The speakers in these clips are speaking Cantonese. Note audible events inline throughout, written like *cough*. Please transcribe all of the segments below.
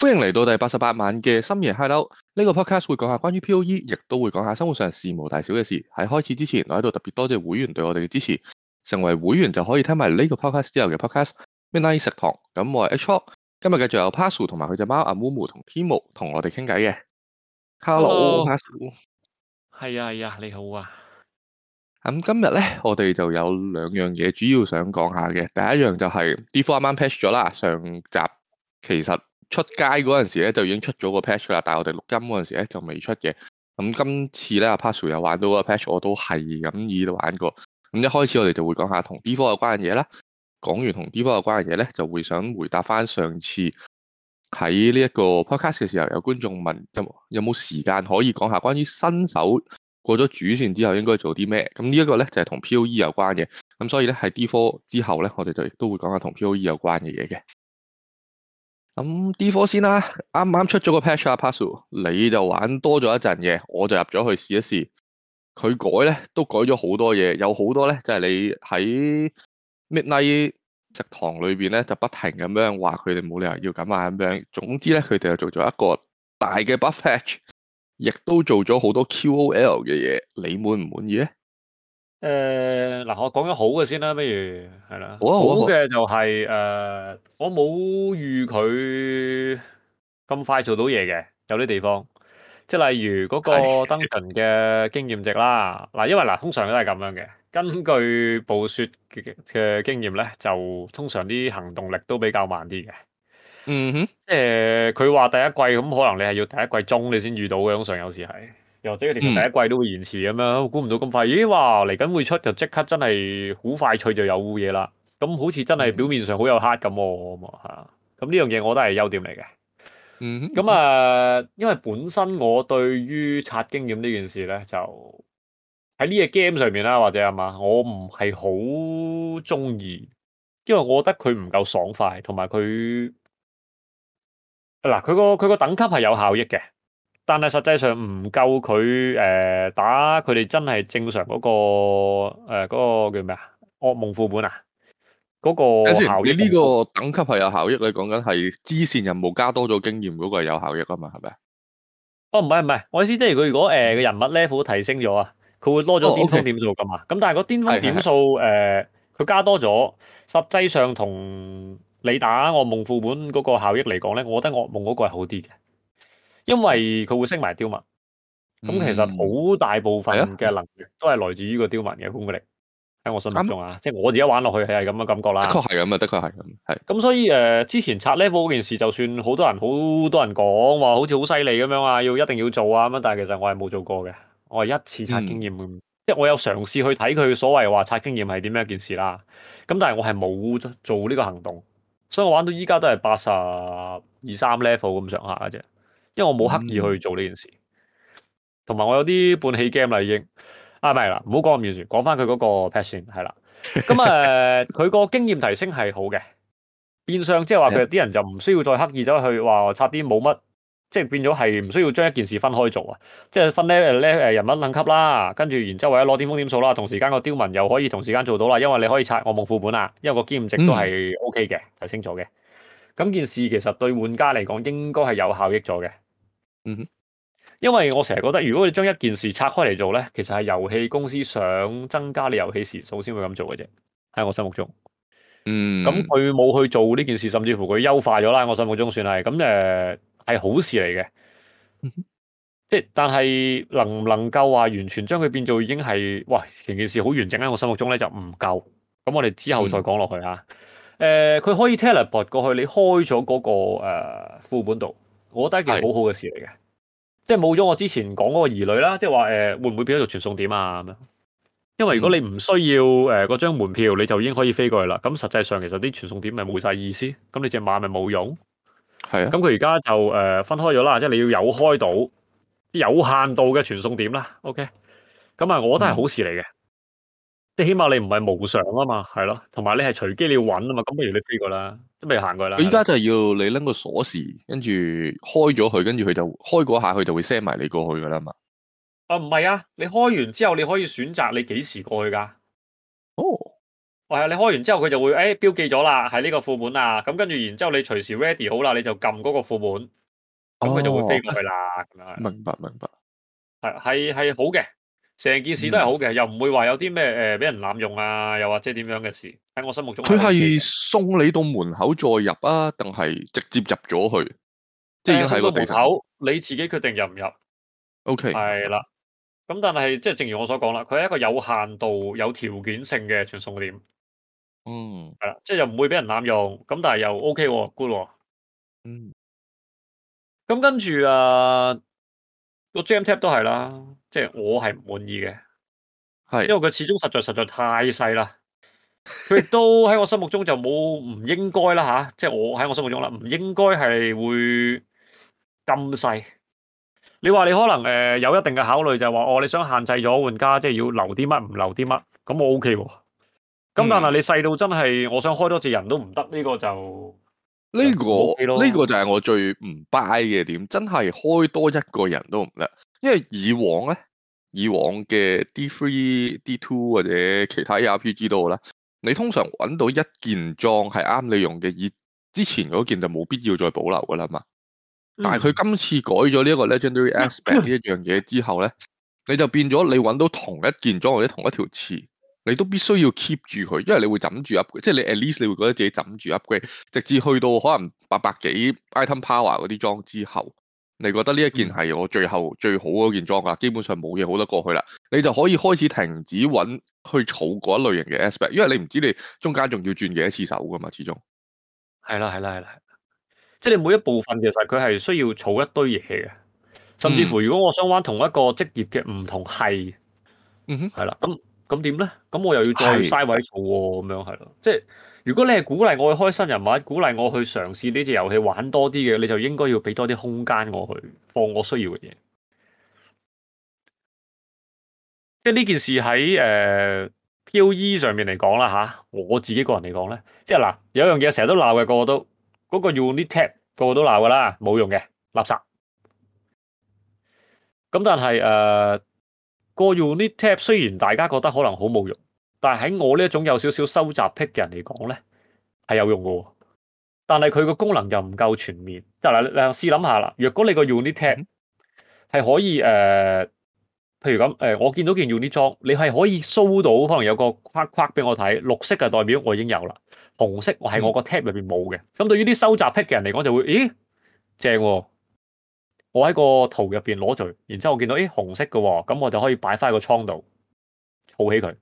歡迎嚟到第八十八晚嘅深夜 Hideout 呢、這個 podcast 會講下關於 P.O.E，亦都會講下生活上事無大小嘅事。喺開始之前，我喺度特別多謝會員對我哋嘅支持。成為會員就可以聽埋呢個 podcast 之後嘅 podcast Midnight 食堂咁，我係 Acho 今日繼續有 Paso 同埋佢隻貓阿 Mumu 同 Pimo 同我哋傾偈嘅。Hello Paso 係啊係啊,啊,啊,啊,啊,啊,啊,啊，你好啊。咁今日咧，我哋就有兩樣嘢主要想講下嘅。第一樣就係 D4 啱啱 patch 咗啦，上集其實。出街嗰陣時咧就已經出咗個 patch 啦，但我哋錄音嗰陣時咧就未出嘅。咁今次咧阿 Patrick 又玩到個 patch，我都係咁易度玩過。咁一開始我哋就會講下同 D 科有關嘅嘢啦。講完同 D 科有關嘅嘢咧，就會想回答翻上次喺呢一個 podcast 嘅時候，有觀眾問有有冇時間可以講下關於新手過咗主線之後應該做啲咩？咁呢一個咧就係、是、同 POE 有關嘅。咁所以咧喺 D 科之後咧，我哋就都會講下同 POE 有關嘅嘢嘅。咁 D4 先啦，啱啱出咗個 patch 啊，Puzzle，你就玩多咗一陣嘢，我就入咗去試一試。佢改咧都改咗好多嘢，有好多咧就係、是、你喺 Midnight 食堂裏面咧就不停咁樣話佢哋冇理由要咁啊咁樣。總之咧佢哋又做咗一個大嘅 buff patch，亦都做咗好多 QOL 嘅嘢。你滿唔滿意咧？誒，嗱，我講咗好嘅先啦，不如係啦，好嘅就係、是、誒、呃，我冇預佢咁快做到嘢嘅，有啲地方，即係例如嗰個 Dungeon 嘅經驗值啦，嗱，因為嗱，通常都係咁樣嘅，根據暴雪嘅經驗咧，就通常啲行動力都比較慢啲嘅，嗯哼，即係佢話第一季咁，可能你係要第一季中你先遇到嘅，通常有時係。又或者佢哋第一季都會延遲咁樣，估唔到咁快，咦？哇！嚟緊會出就即刻，真係好快脆就有嘢啦。咁好似真係表面上好有黑感喎，咁咁呢樣嘢我覺得係優點嚟嘅。咁啊，啊，啊，因為本身我對於刷經驗呢件事咧，就喺呢個 game 上面啦，或者啊嘛，我唔係好中意，因為我覺得佢唔夠爽快，同埋佢嗱，佢個佢個等級係有效益嘅。但係實際上唔夠佢誒打佢哋真係正常嗰、嗰個誒嗰、呃嗰個叫咩啊？噩夢副本啊，嗰、嗰個效益等等。有時呢個等級係有效益，你講緊係支線任務加多咗經驗嗰、嗰個係有效益啊嘛，係咪？哦，唔係唔係，我意思即係佢如果誒嘅、呃、人物 level 提升咗啊，佢會多咗巔峯點數噶嘛。咁、哦 okay、但係個巔峯點數誒，佢、呃、加多咗，實際上同你打噩夢副本嗰個效益嚟講咧，我覺得噩夢嗰個係好啲嘅。因為佢會升埋雕文，咁、嗯、其實好大部分嘅能力都係來自於個雕文嘅攻擊力喺、啊、我心目中啊，即係、就是、我而家玩落去係係咁嘅感覺啦。的確係咁啊，的確係咁係。咁所以誒、呃，之前刷 level 嗰件事，就算好多人好多人講話，好似好犀利咁樣啊，要一定要做啊咁樣，但係其實我係冇做過嘅，我係一次刷經驗，即、嗯、係我有嘗試去睇佢所謂話刷經驗係點樣一件事啦。咁但係我係冇做呢個行動，所以我玩到依家都係八十二三 level 咁上下嘅啫。因為我冇刻意去做呢件事，同、嗯、埋我有啲半棄 game 啦已經，啊咪啦，唔好講咁遠，講翻佢嗰個 passion 係啦。咁、嗯、誒，佢、呃、個 *laughs* 經驗提升係好嘅，變相即係話佢啲人就唔需要再刻意走去話我拆啲冇乜，即係變咗係唔需要將一件事分開做啊。即係分咧誒人物等級啦，跟住然之後或者攞啲風險數啦，同時間個雕文又可以同時間做到啦，因為你可以拆噩夢副本啊，因為個經驗值都係 OK 嘅，提升咗嘅。咁件事其實對玩家嚟講應該係有效益咗嘅，嗯，因為我成日覺得如果你將一件事拆開嚟做咧，其實係遊戲公司想增加你遊戲時數先會咁做嘅啫。喺我心目中，嗯，咁佢冇去做呢件事，甚至乎佢優化咗啦。我心目中算係咁誒，係好事嚟嘅，即但係能唔能夠話完全將佢變做已經係，嘩，成件事好完整喺我心目中咧就唔夠。咁我哋之後再講落去啊。誒、呃、佢可以 teleport 過去你開咗嗰、那個、呃、副本度，我覺得係件好好嘅事嚟嘅，即係冇咗我之前講嗰個疑慮啦，即係話誒會唔會變咗做傳送點啊咁樣？因為如果你唔需要嗰、呃、張門票，你就已經可以飛過去啦。咁實際上其實啲傳送點咪冇晒意思，咁你隻馬咪冇用。啊，咁佢而家就分開咗啦，即係你要有開到有限度嘅傳送點啦。OK，咁啊，我覺得係好事嚟嘅。嗯即起碼你唔係無常啊嘛，係咯，同埋你係隨機你要揾啊嘛，咁不如你飛過啦，都未行過。佢而家就係要你拎個鎖匙，跟住開咗佢，跟住佢就開過下，佢就會 send 埋你過去噶啦嘛。啊，唔係啊，你開完之後你可以選擇你幾時過去噶。哦，係啊，你開完之後佢就會誒、欸、標記咗啦，喺呢個副本啊，咁跟住然之後你隨時 ready 好啦，你就撳嗰個副本，咁佢就會飛過去啦、oh.。明白明白，係係係好嘅。成件事都係好嘅，嗯，又唔會話有啲咩誒俾人濫用啊，又或者點樣嘅事喺我心目中係 OK。佢係送你到門口再入啊，定係直接入咗去？即係喺個門口個地方，你自己決定入唔入？O K。係，okay, 啦，咁但係即係正如我所講啦，佢係一個有限度、有條件性嘅傳送點。嗯，係啦，即係又唔會俾人濫用，咁但係又 O K 喎，good 喎，啊。嗯，咁跟住啊，個 Gem Tap 都係啦。即係我係唔滿意嘅，係因為佢始終實在實在太細啦。佢亦都喺我心目中就冇唔應該啦吓，即係我喺我心目中啦，唔應該係會咁細。你話你可能誒有一定嘅考慮就係話哦，你想限制咗玩家，即係要留啲乜唔留啲乜，咁我 OK 喎。咁、嗯、但係你細到真係我想多開多次人都唔得呢個就。呢、這個呢、這個就係我最唔 buy 嘅點，真係開多一個人都唔得，因為以往咧，以往嘅 D three、D two 或者其他 RPG 都好啦，你通常揾到一件裝係啱你用嘅，以之前嗰件就冇必要再保留噶啦嘛。嗯、但係佢今次改咗呢個 Legendary Aspect 呢、嗯、一樣嘢之後咧，你就變咗你揾到同一件裝或者同一條刺你都必須要 keep 住佢，因為你會枕住 u p 嘅。即係你 at least 你會覺得自己枕住 u p 嘅，直至去到可能八百幾 item power 嗰啲裝之後，你覺得呢一件係我最後最好嗰件裝噶，基本上冇嘢好得過去啦，你就可以開始停止揾去儲嗰一類型嘅 a S，p e c t，因為你唔知你中間仲要轉幾多次手噶嘛，始終，始終係啦係啦係啦，即係你每一部分其實佢係需要儲一堆嘢嘅，甚至乎如果我想玩同一個職業嘅唔同係，嗯、哼，係啦咁。咁點咧？咁我又要再嘥位做喎、哦，咁樣係咯。即係如果你係鼓勵我去開新人物，鼓勵我去嘗試呢隻遊戲玩多啲嘅，你就應該要俾多啲空間我去放我需要嘅嘢。即係呢件事喺誒、呃、POE 上面嚟講啦，吓、啊，我自己個人嚟講咧，即係嗱有樣嘢成日都鬧嘅，個個都、那個，Unique Tab，個個都嗰個 Unique Tab，個個都鬧噶啦，冇用嘅垃圾。咁但係誒？呃個 U N I T Tab 雖然大家覺得可能好冇用，但係喺我呢一種有少少收集癖嘅人嚟講咧，係有用噶。但係佢個功能又唔夠全面。即嗱，試諗下啦，若果你個 U N I T Tab 係可以誒、呃，譬如咁誒、呃，我見到件 U N I T 裝，你係可以 show 到可能有個框框俾我睇，綠色就代表我已經有啦，紅色我係我個 Tab 裏邊冇嘅。咁、嗯、對於啲收集癖嘅人嚟講，就會咦，正喎、啊。我喺個圖入邊攞住，然之後我見到誒紅色嘅，咁我就可以擺翻喺個倉度，儲起佢。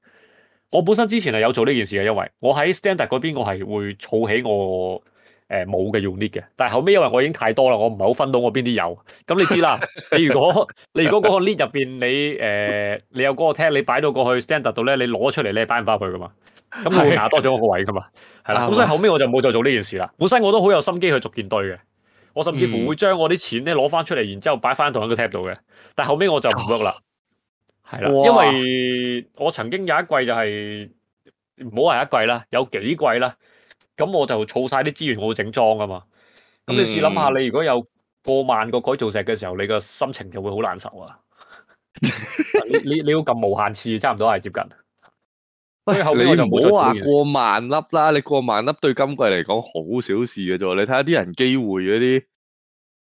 我本身之前係有做呢件事嘅，因為我喺 standard 嗰邊，我係會儲起我誒冇嘅 unique 嘅。但係後尾因為我已經太多啦，我唔係好分到我邊啲有。咁你知啦，如 *laughs* 果你如果嗰個 league 入邊你誒、呃、你有嗰個 tag 你擺到過去 standard 度咧，你攞出嚟你係擺唔翻去噶嘛，咁會多咗一個位噶嘛，係 *laughs* 啦。咁所以後尾我就冇再做呢件事啦。 *laughs* 本身我都好有心機去逐件堆嘅。我甚至乎會將我啲錢咧攞翻出嚟，然之後擺翻同一個 tap 度嘅。但後尾我就唔郁啦，係啦，因為我曾經有一季就係唔好話一季啦，有幾季啦。咁我就儲晒啲資源，我會整裝㗎嘛。咁你試諗下，你如果有過萬個改造石嘅時候，你個心情就會好難受啊！ *laughs* 你你你要撳無限次，差唔多係接近。你唔好話過萬粒啦，你過萬粒對今季嚟講好小事嘅啫。你睇下啲人機會嗰啲，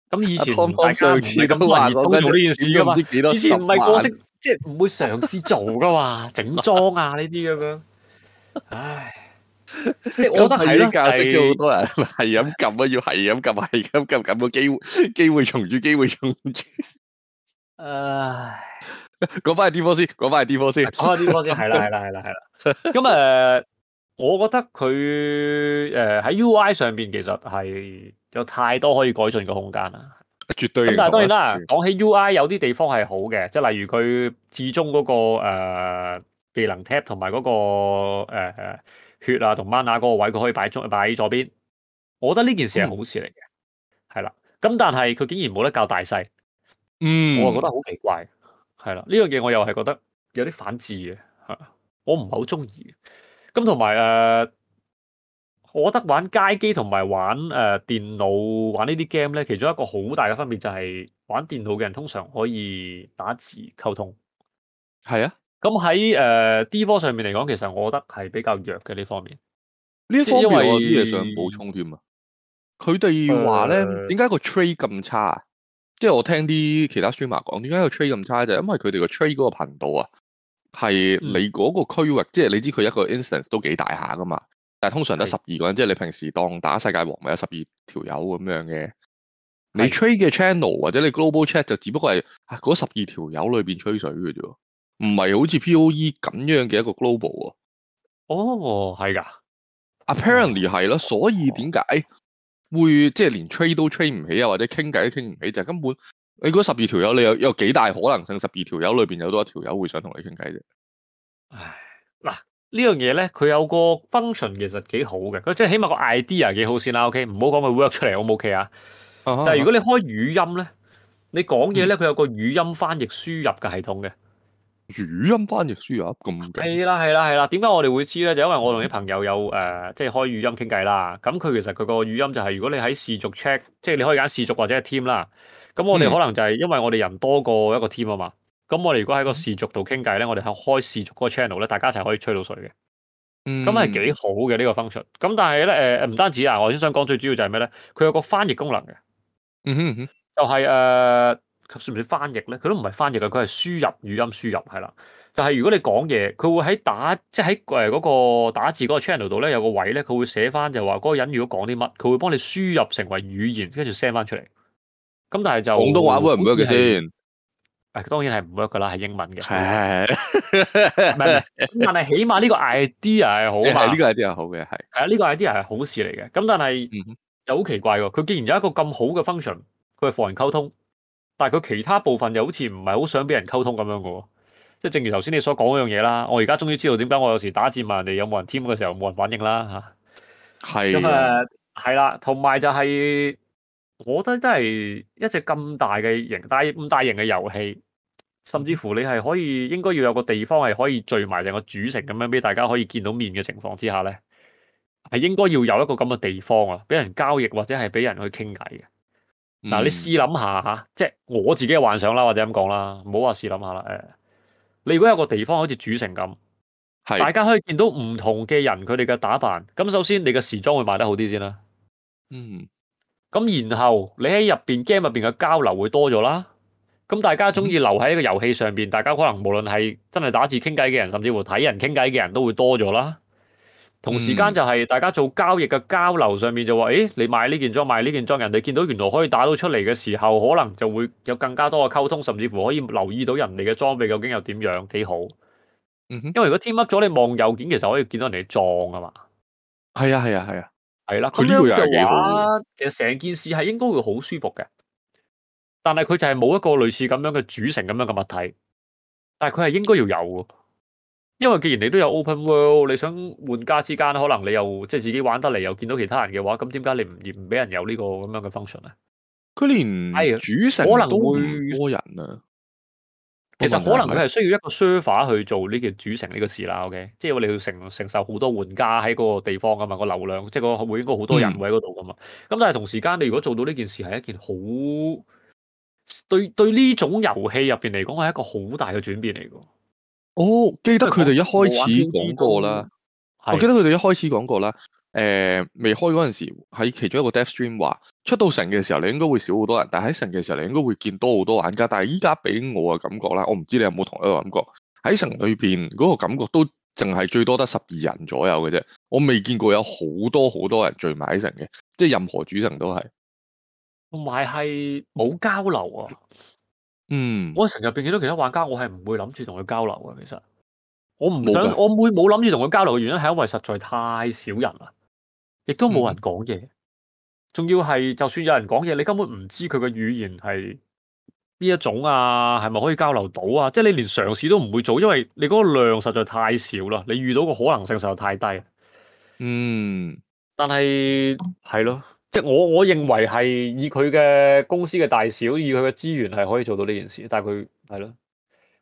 咁以前大家你咁懷疑通融呢件事噶嘛？以前唔係個式，即係唔會嘗試做噶嘛，整裝啊呢啲咁樣。唉，我覺得係教識咗好多人，係咁撳啊，要係咁撳，係咁撳，撳個機會，機會重住，機會重住。唉。講返 D4 先，講返 D4 先。講返 D4 先。係啦係啦係啦係啦，咁誒、呃，我覺得佢誒喺 UI 上邊其實係有太多可以改進嘅空間啦，絕對。但係當然啦，講、嗯、起 UI 有啲地方係好嘅，即係例如佢至終嗰、那個誒、呃、技能 Tab 同埋、那、嗰個誒誒、呃、血啊同 mana 嗰個位，佢可以擺左擺喺左邊，我覺得呢件事係好事嚟嘅，係、嗯、啦。咁但係佢竟然冇得較大細，嗯，我啊覺得好奇怪。係啦，呢樣嘢我又係覺得有啲反智嘅，吓我唔係好中意。咁同埋誒，我覺得玩街機同埋玩誒、呃、電腦玩呢啲 game 咧，其中一個好大嘅分別就係玩電腦嘅人通常可以打字溝通。係啊，咁喺誒 D4 上面嚟講，其實我覺得係比較弱嘅呢方面。呢一方面，我有啲嘢想補充添啊。佢哋話咧，點解、呃、個 trade 咁差？即係我聽啲其他 streamer 講，點解個 trade 咁差就係因為佢哋個 trade 嗰個頻道啊，係你嗰個區域，嗯、即係你知佢一個 instance 都幾大下噶嘛。但係通常得十二個人，即係你平時當打世界王咪有十二條友咁樣嘅。你 trade 嘅 channel 或者你 global chat 就只不過係嗰十二條友裏邊吹水嘅啫，唔係好似 POE 咁樣嘅一個 global 喎、啊。哦，係㗎。Apparently 係咯，所以點解？哦會即係連 trade 都 trade 唔起啊，或者傾偈都傾唔起，啊，就根本你嗰十二條友，你有有幾大可能性十二條友裏邊有多一條友會想同你傾偈啫。唉，嗱呢樣嘢咧，佢有個 function 其實幾好嘅，佢即係起碼個 idea 幾好先啦。OK，唔好講佢 work 出嚟，O 唔 OK 啊，但係，就是，如果你開語音咧，嗯，你講嘢咧，佢有個語音翻譯輸入嘅系統嘅。語音翻譯書啊？咁勁！係啦係啦係啦，點解我哋會知咧？就因為我同啲朋友有誒、呃，即係開語音傾偈啦。咁佢其實佢個語音就係、是，如果你喺氏族 check，即係你可以揀氏族或者 team 啦。咁我哋可能就係、是嗯、因為我哋人多過一個 team 啊嘛。咁我哋如果喺個氏族度傾偈咧，我哋喺開氏族個 channel 咧，大家一齊可以吹到水嘅。咁係幾好嘅、這個、呢個 function。咁但係咧唔單止啊，我先想講最主要就係咩咧？佢有個翻譯功能嘅、嗯。就係、是、誒。呃算唔算翻譯咧？佢都唔係翻譯嘅，佢係輸入語音輸入，係啦。就係、是、如果你講嘢，佢會喺打即係喺誒嗰個打字嗰個 channel 度咧，有個位咧，佢會寫翻就話嗰個人如果講啲乜，佢會幫你輸入成為語言，跟住 send 翻出嚟。咁但係就廣東話 work 唔 work 嘅先？啊，當然係唔得唔 work 噶啦，係英文嘅。係係係。唔係，但係起碼呢個 idea 係好嘛？呢個 idea 係好嘅係。係啊，呢、呢個 idea 係好事嚟嘅。咁但係又好奇怪喎，佢既然有一個咁好嘅 function，佢係防人溝通。但係佢其他部分又好似唔係好想俾人溝通咁樣嘅喎，即係正如頭先你所講嗰樣嘢啦。我而家終於知道點解我有時打字問人哋有冇人 team 嘅時候冇人反應啦嚇。係咁誒，係啦。同埋就係、是，我覺得真係一隻咁大嘅型，大咁大型嘅遊戲，甚至乎你係可以應該要有個地方係可以聚埋成個主城咁樣俾大家可以見到面嘅情況之下咧，係應該要有一個咁嘅地方啊，俾人交易或者係俾人去傾偈嘅。嗱、嗯，你試諗下吓，即係我自己嘅幻想啦，或者咁講啦，唔好話試諗下啦。誒，你如果有個地方好似主城咁，係大家可以見到唔同嘅人，佢哋嘅打扮，咁首先你嘅時裝會賣得好啲先啦。嗯。咁然後你喺入邊 game 入邊嘅交流會多咗啦。咁大家中意留喺一個遊戲上邊，嗯，大家可能無論係真係打字傾偈嘅人，甚至乎睇人傾偈嘅人都會多咗啦。同時間就係大家做交易嘅交流上面就話，誒、哎，你買呢件裝，買呢件裝，人哋見到原來可以打到出嚟嘅時候，可能就會有更加多嘅溝通，甚至乎可以留意到人哋嘅裝備究竟又點樣，幾好。因為如果 t e 咗，你望右件其候可以見到人哋撞啊嘛。係啊，係啊，係啊，係啦、啊。咁樣嘢話，其實成件事係應該會好舒服嘅。但係佢就係冇一個類似咁樣嘅主成咁樣嘅物體，但係佢係應該要有因為既然你都有 open world，你想玩家之間可能你又即係自己玩得嚟，又見到其他人嘅話，咁點解你唔唔俾人有、呢個、呢呢個咁樣嘅 function 啊？佢連係主城，可能會多人、啊、多人啊。其實可能佢係需要一個 server 去做呢件主城呢個事啦。O、OK? K，即係話你要承承受好多玩家喺嗰個地方噶嘛，個流量即係個會應該好多人喺嗰度噶嘛。咁、嗯、但係同時間，你如果做到呢件事，係一件好對對呢種遊戲入邊嚟講，係一個好大嘅轉變嚟噶。我、哦、記得佢哋一開始講過啦，我記得佢哋一開始講過啦。誒、未、呃、開嗰陣時候，喺其中一個 dev stream 話，出到城嘅時候，你應該會少好多人，但喺城嘅時候，你應該會見多好多玩家。但係依家俾我嘅感覺啦，我唔知你有冇同一個感覺。喺城裏邊嗰個感覺都淨係最多得十二人左右嘅啫，我未見過有好多好多人聚埋喺城嘅，即係任何主城都係。同埋係冇交流啊！嗯，我成日變見到其他玩家，我係唔會諗住同佢交流嘅。其實我唔想，我會冇諗住同佢交流嘅原因係因為實在太少人啦，亦都冇人講嘢，仲要係就算有人講嘢，你根本唔知佢嘅語言係呢一種啊，係咪可以交流到啊？即係你連嘗試都唔會做，因為你嗰個量實在太少啦，你遇到個可能性實在太低。嗯，但係係咯。對即係我我認為係以佢嘅公司嘅大小，以佢嘅資源係可以做到呢件事，但係佢係咯，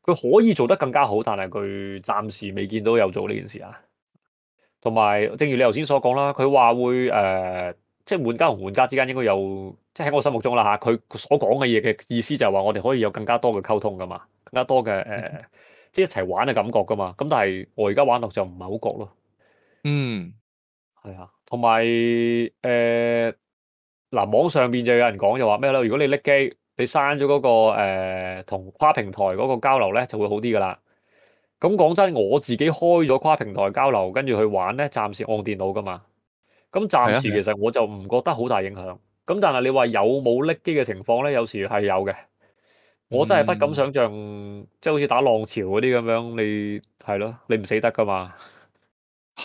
佢可以做得更加好，但係佢暫時未見到有做呢件事啊。同埋，正如你頭先所講啦，佢話會誒、呃，即係玩家同玩家之間應該有，即係喺我心目中啦吓，佢所講嘅嘢嘅意思就係話我哋可以有更加多嘅溝通噶嘛，更加多嘅誒、呃，即係一齊玩嘅感覺噶嘛。咁但係我而家玩落就唔係好覺咯，嗯。係啊，同埋誒，嗱，網上邊就有人講，就話咩啦？如果你甩機，你刪咗嗰個誒同、呃、跨平台嗰個交流咧，就會好啲噶啦。咁講真的，我自己開咗跨平台交流，跟住去玩咧，暫時按電腦噶嘛。咁暫時其實我就唔覺得好大影響。咁、啊、但係你話有冇甩機嘅情況咧？有時係有嘅。我真係不敢想象，嗯、即係好似打浪潮嗰啲咁樣，你係咯，你唔死得噶嘛？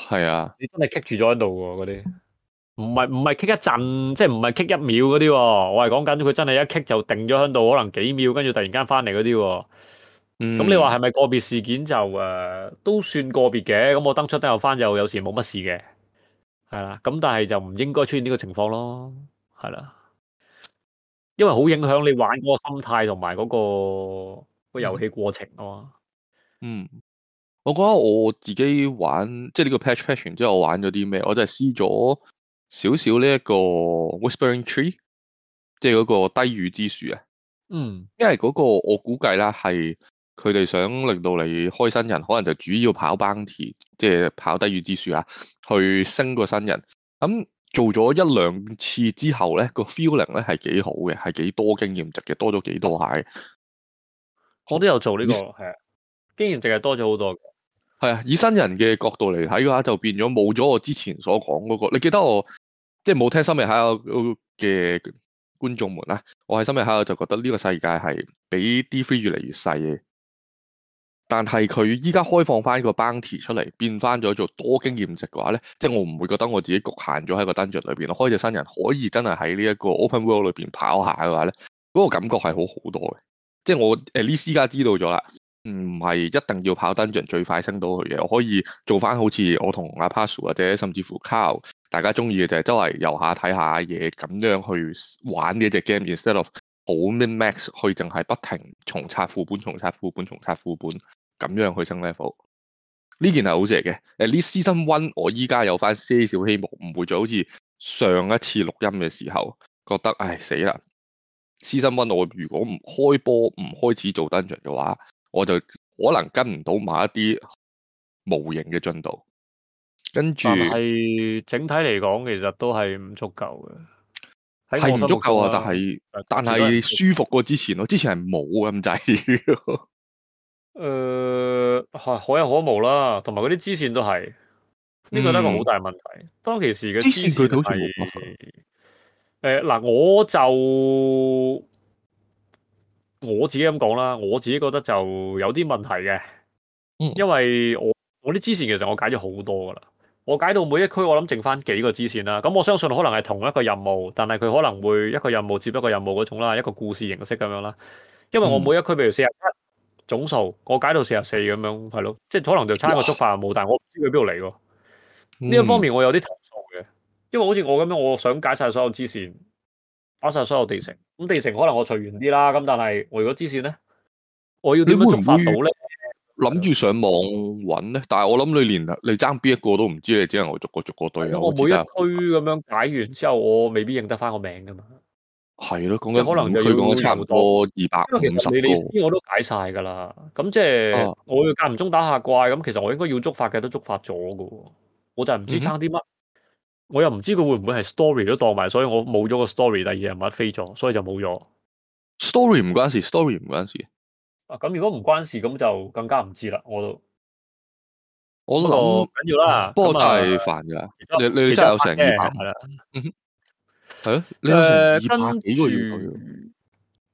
係啊，你真係棘住咗喺度噶嗰啲，唔係唔係棘一陣，即係唔係棘一秒嗰啲、哦。我係講緊佢真係一棘就定咗喺度，可能幾秒，跟住突然間翻嚟嗰啲。咁、嗯、你話係咪個別事件就誒、呃、都算個別嘅？咁我登出，登又翻，又有時冇乜事嘅，係啦。咁但係就唔應該出現呢個情況咯，係啦，因為好影響你玩嗰、嗰個心態同埋嗰個個遊戲過程啊嘛。嗯。我覺得我自己玩即係呢個 patch patch 完之後，我玩咗啲咩？我就係試咗少少呢一個 Whispering Tree，即係嗰個低語之樹啊。嗯，因為嗰個我估計啦，係佢哋想令到你開新人，可能就主要跑 Bounty，即係跑低語之樹啊，去升個新人。咁，嗯，做咗一兩次之後咧，個 feeling 咧係幾好嘅，係幾多經驗值嘅，多咗幾多下。我都有做呢個了，係啊，經驗值係多咗好多嘅。係啊，以新人嘅角度嚟睇嘅話，就變咗冇咗我之前所講嗰個。你記得我即係冇聽深夜 Hideout 嘅觀眾們啦。我喺深夜 Hideout 就覺得呢個世界係比 D3 越嚟越細，但係佢依家開放翻個 bounty 出嚟，變翻咗做多經驗值嘅話咧，即係我唔會覺得我自己局限咗喺個 Dungeon 裏邊。開隻新人可以真係喺呢一個 Open World 裏邊跑下嘅話咧，嗰、那個感覺係好好多嘅。即係我 at least 依家知道咗啦。唔係一定要跑 Dungeon 最快升到佢嘅，我可以做翻好似我同阿 Pascal 或者甚至乎 Carl 大家中意嘅，就係周圍遊下睇下嘢，咁樣去玩呢隻 game，instead of 好 minmax 去淨係不停重刷副本、重刷副本、重刷副本，咁樣去升 level。呢件係好事嚟嘅。誒，呢 Season One 我依家有翻些少希望，唔會再好似上一次錄音嘅時候，覺得唉死啦！Season One 我如果唔開波唔開始做 Dungeon 嘅話。我就可能跟唔到某一啲模型嘅進度，跟住係整體嚟講，其實都係唔足夠嘅，係唔、啊、足夠啊！但係但係舒服過之前咯，之前係冇咁滯。誒、嗯，可 *laughs* 可有可無啦，同埋嗰啲支線都係呢、呢個都係一個好大問題。嗯、當其時嘅支線佢、就係、好似冇錯。誒、呃、嗱，我就。我自己咁講啦，我自己覺得就有啲問題嘅，因為我我啲支線其實我解咗好多噶啦，我解到每一區我諗剩翻幾個支線啦，咁我相信可能係同一個任務，但係佢可能會一個任務接一個任務嗰種啦，一個故事形式咁樣啦，因為我每一區譬如四廿七總數，我解到四廿四咁樣係咯，即係可能就差一個觸發任務，但係我唔知佢邊度嚟喎，呢、嗯、一方面我有啲投訴嘅，因為好似我咁樣，我想解晒所有支線。打晒所有地城，咁地城可能我隨緣啲啦。咁但係我如果支線咧，我要點樣觸發到咧？諗住上網搵，咧，但係我諗你連你爭邊一個都唔知，你只係我逐個逐個對、嗯。我每一區咁樣解完之後，我未必認得翻個名噶嘛。係咯，咁可能佢講得差唔多二百五十個。你你我都解晒噶啦，咁即係我要間唔中打下怪，咁其實我應該要觸發嘅都觸發咗噶。我就係唔知爭啲乜。嗯我又唔知佢會唔會係 story 都當埋，所以我冇咗個 story，第二隻人物飛咗，所以就冇咗。story 唔關事，story 唔關事。啊，咁如果唔關事，咁就更加唔知啦。我都，我都諗緊要啦，不過真係煩噶。你你真係有成二百係啦，嗯哼，係啊，你二百幾個要佢、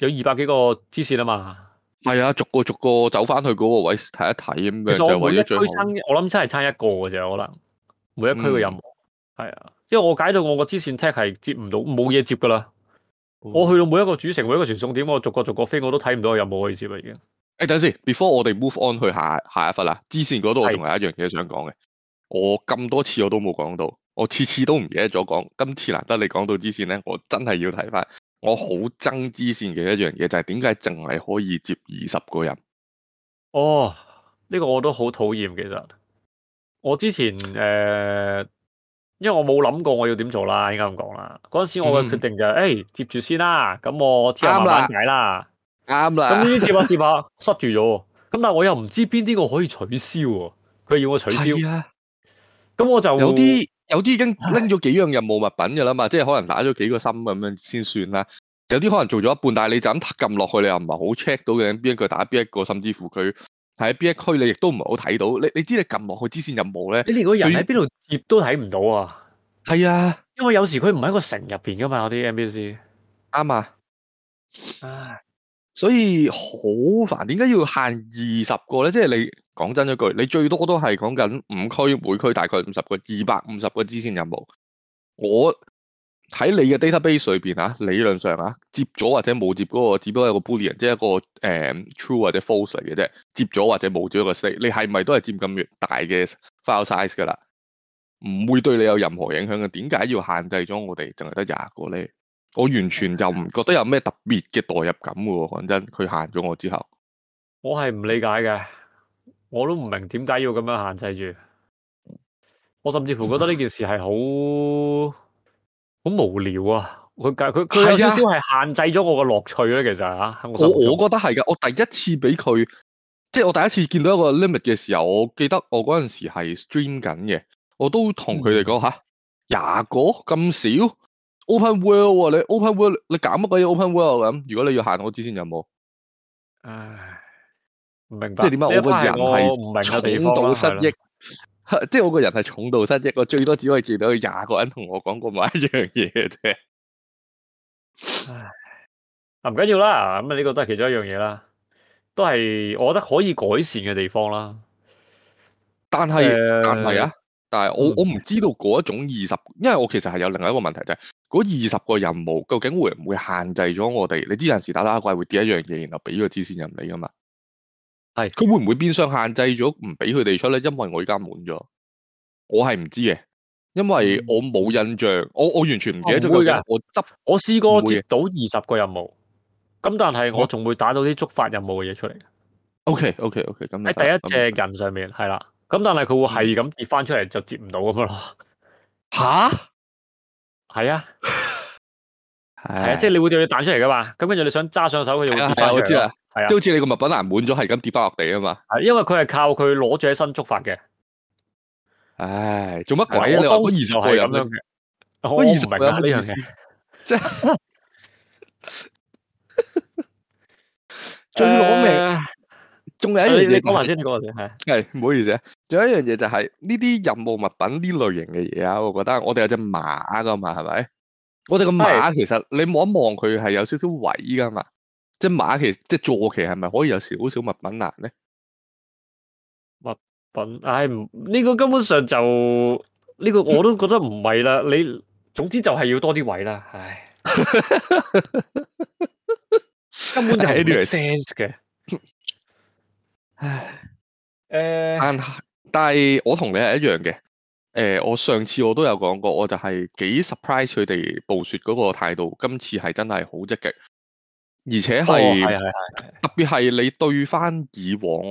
呃，有二百幾個支線啦嘛。係啊，逐個逐個,逐個走翻去嗰個位睇一睇咁。其實我每一區差，我諗真係差一個嘅啫，可能每一區嘅任務。嗯係啊，因為我解到我個支線 tech 係接唔到，冇嘢接噶啦、嗯。我去到每一個主城，每一個傳送點，我逐個逐個飛，我都睇唔到有冇可以接啊。已、欸、經，誒等陣先，before 我哋 move on 去下下一忽啦。支線嗰度我仲有一樣嘢想講嘅，我咁多次我都冇講到，我次次都唔記得咗講。今次難得你講到支線咧，我真係要提返。我好憎支線嘅一樣嘢就係點解淨係可以接二十個人？哦，呢、這個我都好討厭。其實我之前誒。呃因為我冇諗過我要點做啦，應該咁講啦。嗰陣時我嘅決定就係、是，誒、嗯哎，接住先啦。咁我之後慢慢解啦。啱啦。咁呢？接下接下，塞住咗。咁但係我又唔知邊啲個可以取消。佢要我取消。係啊。咁我就有啲有啲已經拎咗幾樣任務物品嘅啦嘛，即係可能打咗幾個心咁樣先算啦。有啲可能做咗一半，但係你就咁撳落去，你又唔係好 check 到嘅。邊一個打邊一個，甚至乎佢。喺邊一區你亦都唔係好睇到，你你知你撳落去支線任務咧，你連個人喺邊度接都睇唔到啊！係啊，因為有時佢唔喺個城入邊噶嘛，有啲 NPC 啱啊，唉，所以好煩，點解要限二十個咧？即係你講真一句，你最多都係講緊五區，每區大概五十個，二百五十個支線任務。我。喺你嘅 database 裏邊啊，理論上啊，接咗或者冇接嗰、那個只不過係個 boolean，即係一個誒、嗯、true 或者 false 嘅啫。接咗或者冇咗個 s t a 你係咪都係接咁大嘅 file size 噶啦？唔會對你有任何影響嘅。點解要限制咗我哋淨係得廿個咧？我完全就唔覺得有咩特別嘅代入感喎。講真，佢限咗我之後，我係唔理解嘅，我都唔明點解要咁樣限制住。我甚至乎覺得呢件事係好。 *laughs* 好無聊啊！佢佢佢有少少係限制咗我個樂趣咧，其實吓。我我覺得係噶，我第一次俾佢，即係我第一次見到一個 limit 嘅時候，我記得我嗰陣時係 stream 緊嘅，我都同佢哋講吓廿個咁少 open world 啊！你 open world，你搞乜鬼嘢 open world 咁？如果你要限我之前有冇？唉，唔明白，即係點解我個人係蠢到失憶？即 *laughs* 係我個人係重度失憶，我最多只可以見到廿個人同我講過買一樣嘢嘅啫。唔緊要啦，咁啊呢個都係其中一樣嘢啦，都係我覺得可以改善嘅地方啦。但係，但係啊、呃，但係我我唔知道嗰一種二十，因為我其實係有另外一個問題就係，嗰二十個任務究竟會唔會限制咗我哋？你知陣時打打怪會跌一樣嘢，然後俾個支線任務你噶嘛？係佢會唔會邊相限制咗唔俾佢哋出咧？因為我而家滿咗，我係唔知嘅，因為我冇印象，嗯、我我完全唔記得咗佢。噶，我執我試過接到二十個任務，咁但係我仲會打到啲觸發任務嘅嘢出嚟。O K O K O K 咁喺第一隻人上面係啦，咁、嗯、但係佢會係咁跌翻出嚟就接唔到咁樣咯。吓係啊。 *laughs* 係啊，即係你會叫佢彈出嚟噶嘛？咁跟住你想揸上手佢就快，我知啦，係啊，即係好似你個物品欄滿咗，係咁跌翻落地啊嘛。係因為佢係靠佢攞住喺身觸發嘅。唉，做乜鬼啊？我二十個咁樣嘅，我二十個呢樣嘅，即係最攞命。仲有一樣嘢，你講埋先，你講下先，係係唔好意思啊。仲有一樣嘢就係呢啲任務物品呢類型嘅嘢啊，我覺得我哋有隻馬噶嘛，係咪？我哋個馬其實你望一望佢係有少少位噶嘛，即係馬其實即係坐騎係咪可以有少少物品欄？咧物品，唉、哎，呢、這個根本上就呢、這個我都覺得唔係啦。你總之就係要多啲位啦，唉， *laughs* *laughs* 根本就係 sense 嘅，唉，誒，但但係我同你係一樣嘅。誒、欸，我上次我都有講過，我就係幾 surprise 佢哋暴雪嗰個態度，今次係真係好積極，而且係特別係你對翻以往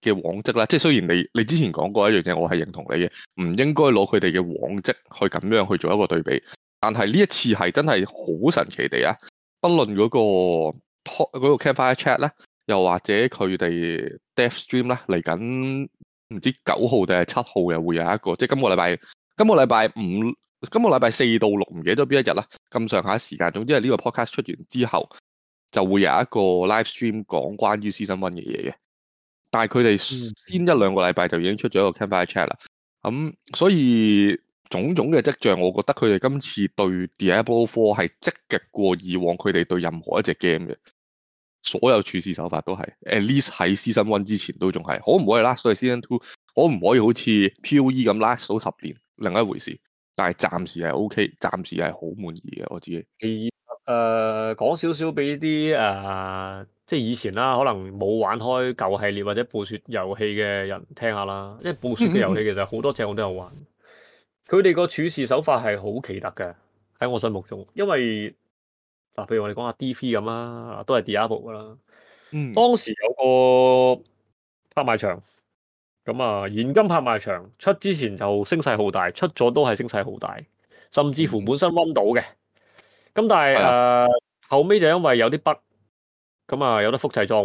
嘅往績啦，即係雖然你你之前講過一樣嘢，我係認同你嘅，唔應該攞佢哋嘅往績去咁樣去做一個對比，但係呢一次係真係好神奇地啊！不論嗰個嗰個 Campfire Chat 咧，又或者佢哋 Dev Stream 咧，嚟緊。唔知九號定係七號又會有一個，即係今個禮拜，今個禮拜五，今個禮拜四到六，唔記得邊一日啦。咁上下時間，總之係呢個 podcast 出完之後，就會有一個 live stream 講關於 season one 嘅嘢嘅。但係佢哋先一兩個禮拜就已經出咗一個 campfire chat 啦。咁、嗯、所以種種嘅跡象，我覺得佢哋今次對《Diablo 4》係積極過以往佢哋對任何一隻 game 嘅。所有處事手法都係，at least 喺 Season 1之前都仲係，可唔可以 last 到 Season 2？可唔可以好似 POE 咁 last 到十年？另一回事，但係暫時係 OK，暫時係好滿意嘅我自己、嗯。誒、呃、講少少俾啲誒，即係以前啦，可能冇玩開舊系列或者暴雪遊戲嘅人聽下啦，因為暴雪嘅遊戲其實好多隻我都有玩，佢哋個處事手法係好奇特嘅喺我心目中，因為。嗱，譬如我哋講下 D3 咁啦，都係 Diablo 噶啦。當時有個拍賣場，咁啊現金拍賣場出之前就聲勢浩大，出咗都係聲勢浩大，甚至乎本身温到嘅。咁但係誒、呃、後尾就因為有啲 bug 咁啊有得複製裝，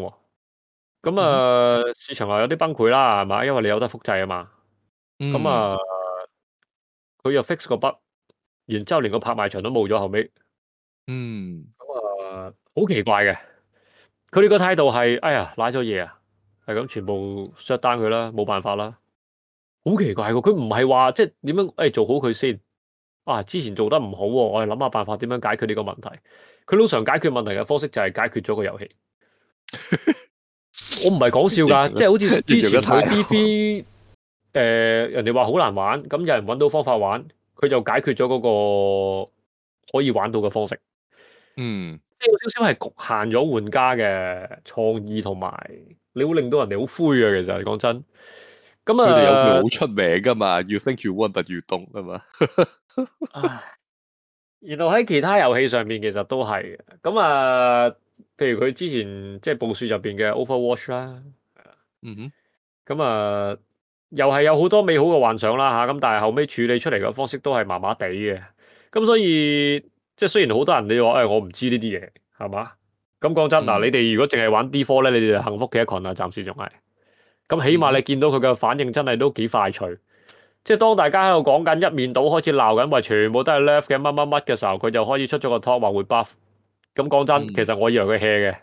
咁啊、嗯、市場啊有啲崩潰啦，係嘛？因為你有得複製啊嘛，咁、嗯、啊佢又 fix 個 bug 然之後連個拍賣場都冇咗，後尾。嗯，咁啊，好奇怪嘅，佢呢個態度係，哎呀，拉咗嘢啊，係咁，全部 shut down 佢啦，冇辦法啦，好奇怪嘅，佢唔係話即係點樣，誒、哎，做好佢先，啊，之前做得唔好，啊，我哋諗下辦法點樣解決呢個問題，佢老常解決問題嘅方式就係解決咗個遊戲， *laughs* 我唔係講笑噶， *laughs* 即係好似之前佢 D V，誒，人哋話好難玩，咁有人搵到方法玩，佢就解決咗嗰個可以玩到嘅方式。嗯，即係有少少係局限咗玩家嘅創意同埋，你會令到人哋好灰啊。其實你講真，咁啊，佢哋有好出名噶嘛、啊。You think you wonder you 嘛、 *laughs* 啊。然後喺其他遊戲上面其實都係嘅。咁啊，譬如佢之前即係、就是、暴雪入邊嘅 Overwatch 啦，嗯哼，咁啊，又係有好多美好嘅幻想啦吓。咁但係後尾處理出嚟嘅方式都係麻麻地嘅。咁所以。即係雖然好多人你話誒我唔知呢啲嘢係嘛，咁講真嗱、嗯，你哋如果淨係玩 D 科咧，你哋就幸福幾一群啊？暫時仲係，咁起碼你見到佢嘅反應真係都幾快脆、嗯。即係當大家喺度講緊一面倒開始鬧緊話全部都係 left 嘅乜乜乜嘅時候，佢就開始出咗個 t o p k 話會 buff。咁講真，其實我以為佢 hea 嘅，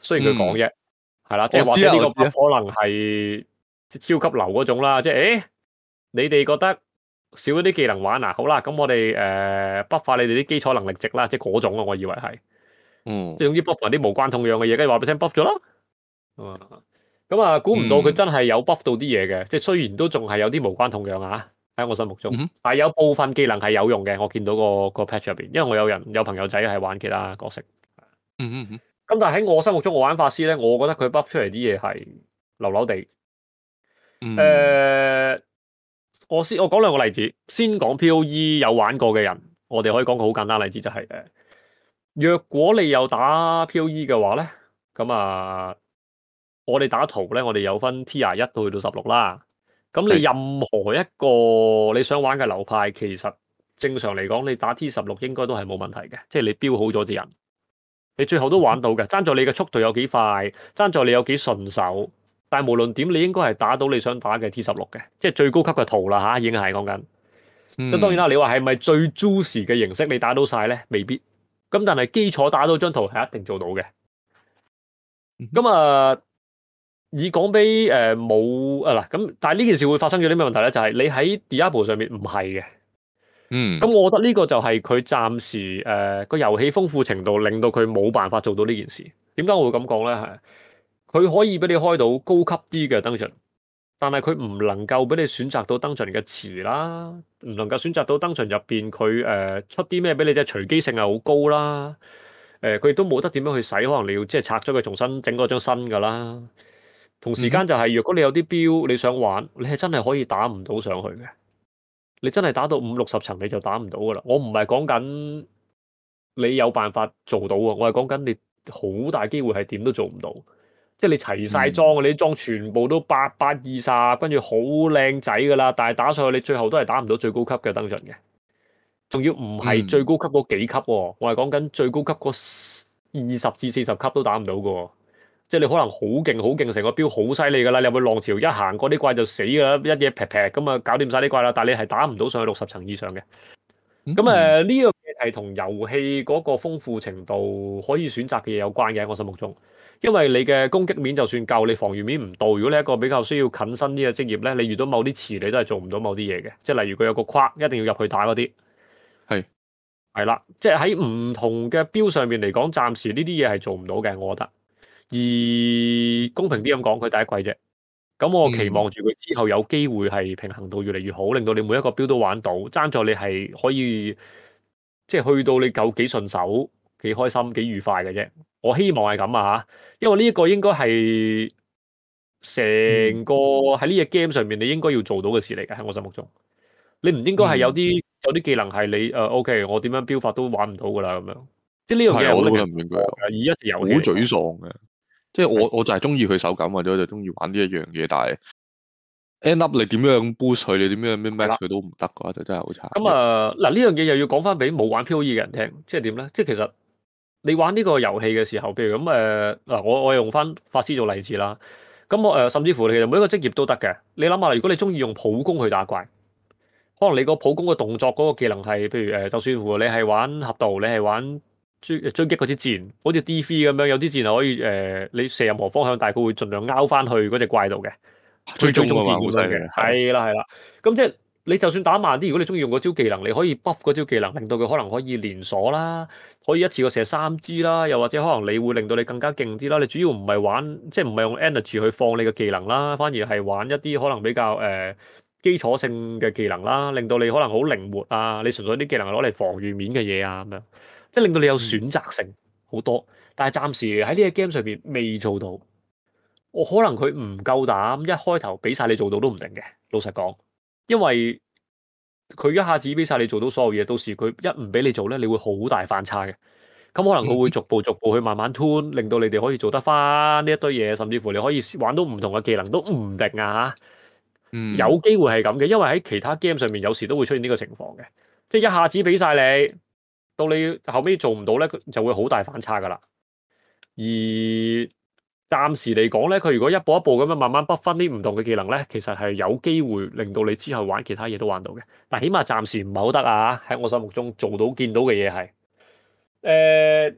雖然佢講啫，係、嗯、啦，即係或者呢個 buff 可能係超級流嗰種啦。即係誒、哎，你哋覺得？少咗啲技能玩啊！好啦，咁我哋誒，Buff 翻你哋啲基礎能力值啦，即係嗰種啊，我以為係，嗯，即係總之 Buff 翻啲無關痛癢嘅嘢，跟住話俾你聽 Buff 咗啦。咁啊，估唔到佢真係有 Buff 到啲嘢嘅，即係雖然都仲係有啲無關痛癢啊，喺我心目中，但係有部分技能係有用嘅。我見到個個 patch 入邊，因為我有人有朋友仔係玩其他角色。嗯嗯嗯。咁但係喺我心目中，我玩法師咧，我覺得佢 Buff 出嚟啲嘢係流流地。誒。我先我講兩個例子，先講 PoE 有玩過嘅人，我哋可以講個好簡單例子就係，誒，若果你有打 PoE 嘅話咧，咁啊，我哋打圖咧，我哋有分 T 廿一到去到十六啦。咁你任何一個你想玩嘅流派，其實正常嚟講，你打 T 十六應該都係冇問題嘅，即係你標好咗啲人，你最後都玩到嘅，爭、嗯、在你嘅速度有幾快，爭在你有幾順手。但係無論點，你應該係打到你想打嘅 T 十六嘅，即係最高級嘅圖啦吓、啊，已經係講緊。咁、嗯、當然啦、啊，你話係咪最 juicy 嘅形式你打到晒咧？未必。咁但係基礎打到張圖係一定做到嘅。咁、嗯嗯呃、啊，以講俾誒冇啊嗱。咁但係呢件事會發生咗啲咩問題咧？就係、是、你喺 Diablo 上面唔係嘅。嗯。咁我覺得呢個就係佢暫時誒個遊戲豐富程度令到佢冇辦法做到呢件事。點解我會咁講咧？係。佢可以俾你開到高級啲嘅登場，但係佢唔能夠俾你選擇到登場嘅詞啦，唔能夠選擇到登場入邊佢誒出啲咩俾你即係，隨機性係好高啦。誒、呃，佢亦都冇得點樣去使，可能你要即係拆咗佢，重新整嗰張新噶啦。同時間就係，如果你有啲標你想玩，你係真係可以打唔到上去嘅。你真係打到五六十層，你就打唔到噶啦。我唔係講緊你有辦法做到啊，我係講緊你好大機會係點都做唔到。即係你齊晒裝，你啲裝全部都八百二十，跟住好靚仔噶啦。但係打上去，你最後都係打唔到最高級嘅登進嘅，仲要唔係最高級嗰幾級，哦嗯。我係講緊最高級嗰二十至四十級都打唔到嘅。即係你可能好勁好勁，成個標好犀利噶啦。你有冇浪潮一行過啲怪就死噶啦，一嘢劈劈咁啊，搞掂晒啲怪啦。但係你係打唔到上去六十層以上嘅。咁誒，呢，嗯呃，這個嘢係同遊戲嗰個豐富程度可以選擇嘅嘢有關嘅，喺、嗯、我心目中。因為你嘅攻擊面就算夠，你防禦面唔到。如果你一個比較需要近身啲嘅職業咧，你遇到某啲詞，你都係做唔到某啲嘢嘅。即係例如佢有個框，一定要入去打嗰啲。係係啦，即係喺唔同嘅標上面嚟講，暫時呢啲嘢係做唔到嘅，我覺得。而公平啲咁講，佢第一季啫。咁我期望住佢之後有機會係平衡到越嚟越好，令到你每一個標都玩到。爭在你係可以，即係去到你夠幾順手。幾開心幾愉快嘅啫，我希望係咁啊吓，因為呢一個應該係成個喺呢隻 game 上面你應該要做到嘅事嚟嘅，喺我心目中，你唔應該係有啲有啲技能係你誒、嗯啊、，OK，我點樣標法都玩唔到噶啦咁樣，即係呢樣嘢我唔明嘅，而一係遊好沮喪嘅，即、就、係、是、我我就係中意佢手感，或者我就中意玩呢一樣嘢，但係 end up 你點樣 boost 佢，你點樣咩咩佢都唔得嘅話就真係好差。咁啊嗱呢樣嘢又要講翻俾冇玩 POE 嘅人聽，即係點咧？即、就、係、是、其實。你玩呢個遊戲嘅時候，譬如咁誒嗱，我我用翻法師做例子啦。咁我誒，甚至乎你其實每一個職業都得嘅。你諗下，如果你中意用普攻去打怪，可能你個普攻嘅動作嗰個技能係，譬如誒、呃，就算乎你係玩合道，你係玩追追擊嗰啲箭，好似 D V 咁樣，有啲箭係可以誒、呃，你射任何方向，大概佢會盡量撓翻去嗰隻怪度嘅。追蹤嘅嘛，係啦，係啦，咁即係。你就算打慢啲，如果你中意用嗰招技能，你可以 buff 嗰招技能，令到佢可能可以連鎖啦，可以一次過射三支啦，又或者可能你會令到你更加勁啲啦。你主要唔係玩，即係唔係用 energy 去放你嘅技能啦，反而係玩一啲可能比較、呃、基礎性嘅技能啦，令到你可能好靈活啊。你純粹啲技能攞嚟防禦面嘅嘢啊咁樣，即係令到你有選擇性好多。但係暫時喺呢個 game 上邊未做到。我可能佢唔夠膽一開頭俾晒你做到都唔定嘅，老實講。因為佢一下子俾晒你做到所有嘢，到時佢一唔俾你做咧，你會好大反差嘅。咁可能佢會逐步逐步去慢慢 tune 令到你哋可以做得翻呢一堆嘢，甚至乎你可以玩到唔同嘅技能都唔定啊！吓、嗯，有機會係咁嘅，因為喺其他 game 上面有時都會出現呢個情況嘅，即係一下子俾晒你，到你後尾做唔到咧，就會好大反差噶啦。而暫時嚟講咧，佢如果一步一步咁樣慢慢不分啲唔同嘅技能咧，其實係有機會令到你之後玩其他嘢都玩到嘅。但起碼暫時唔係好得啊！喺我心目中做到見到嘅嘢係誒，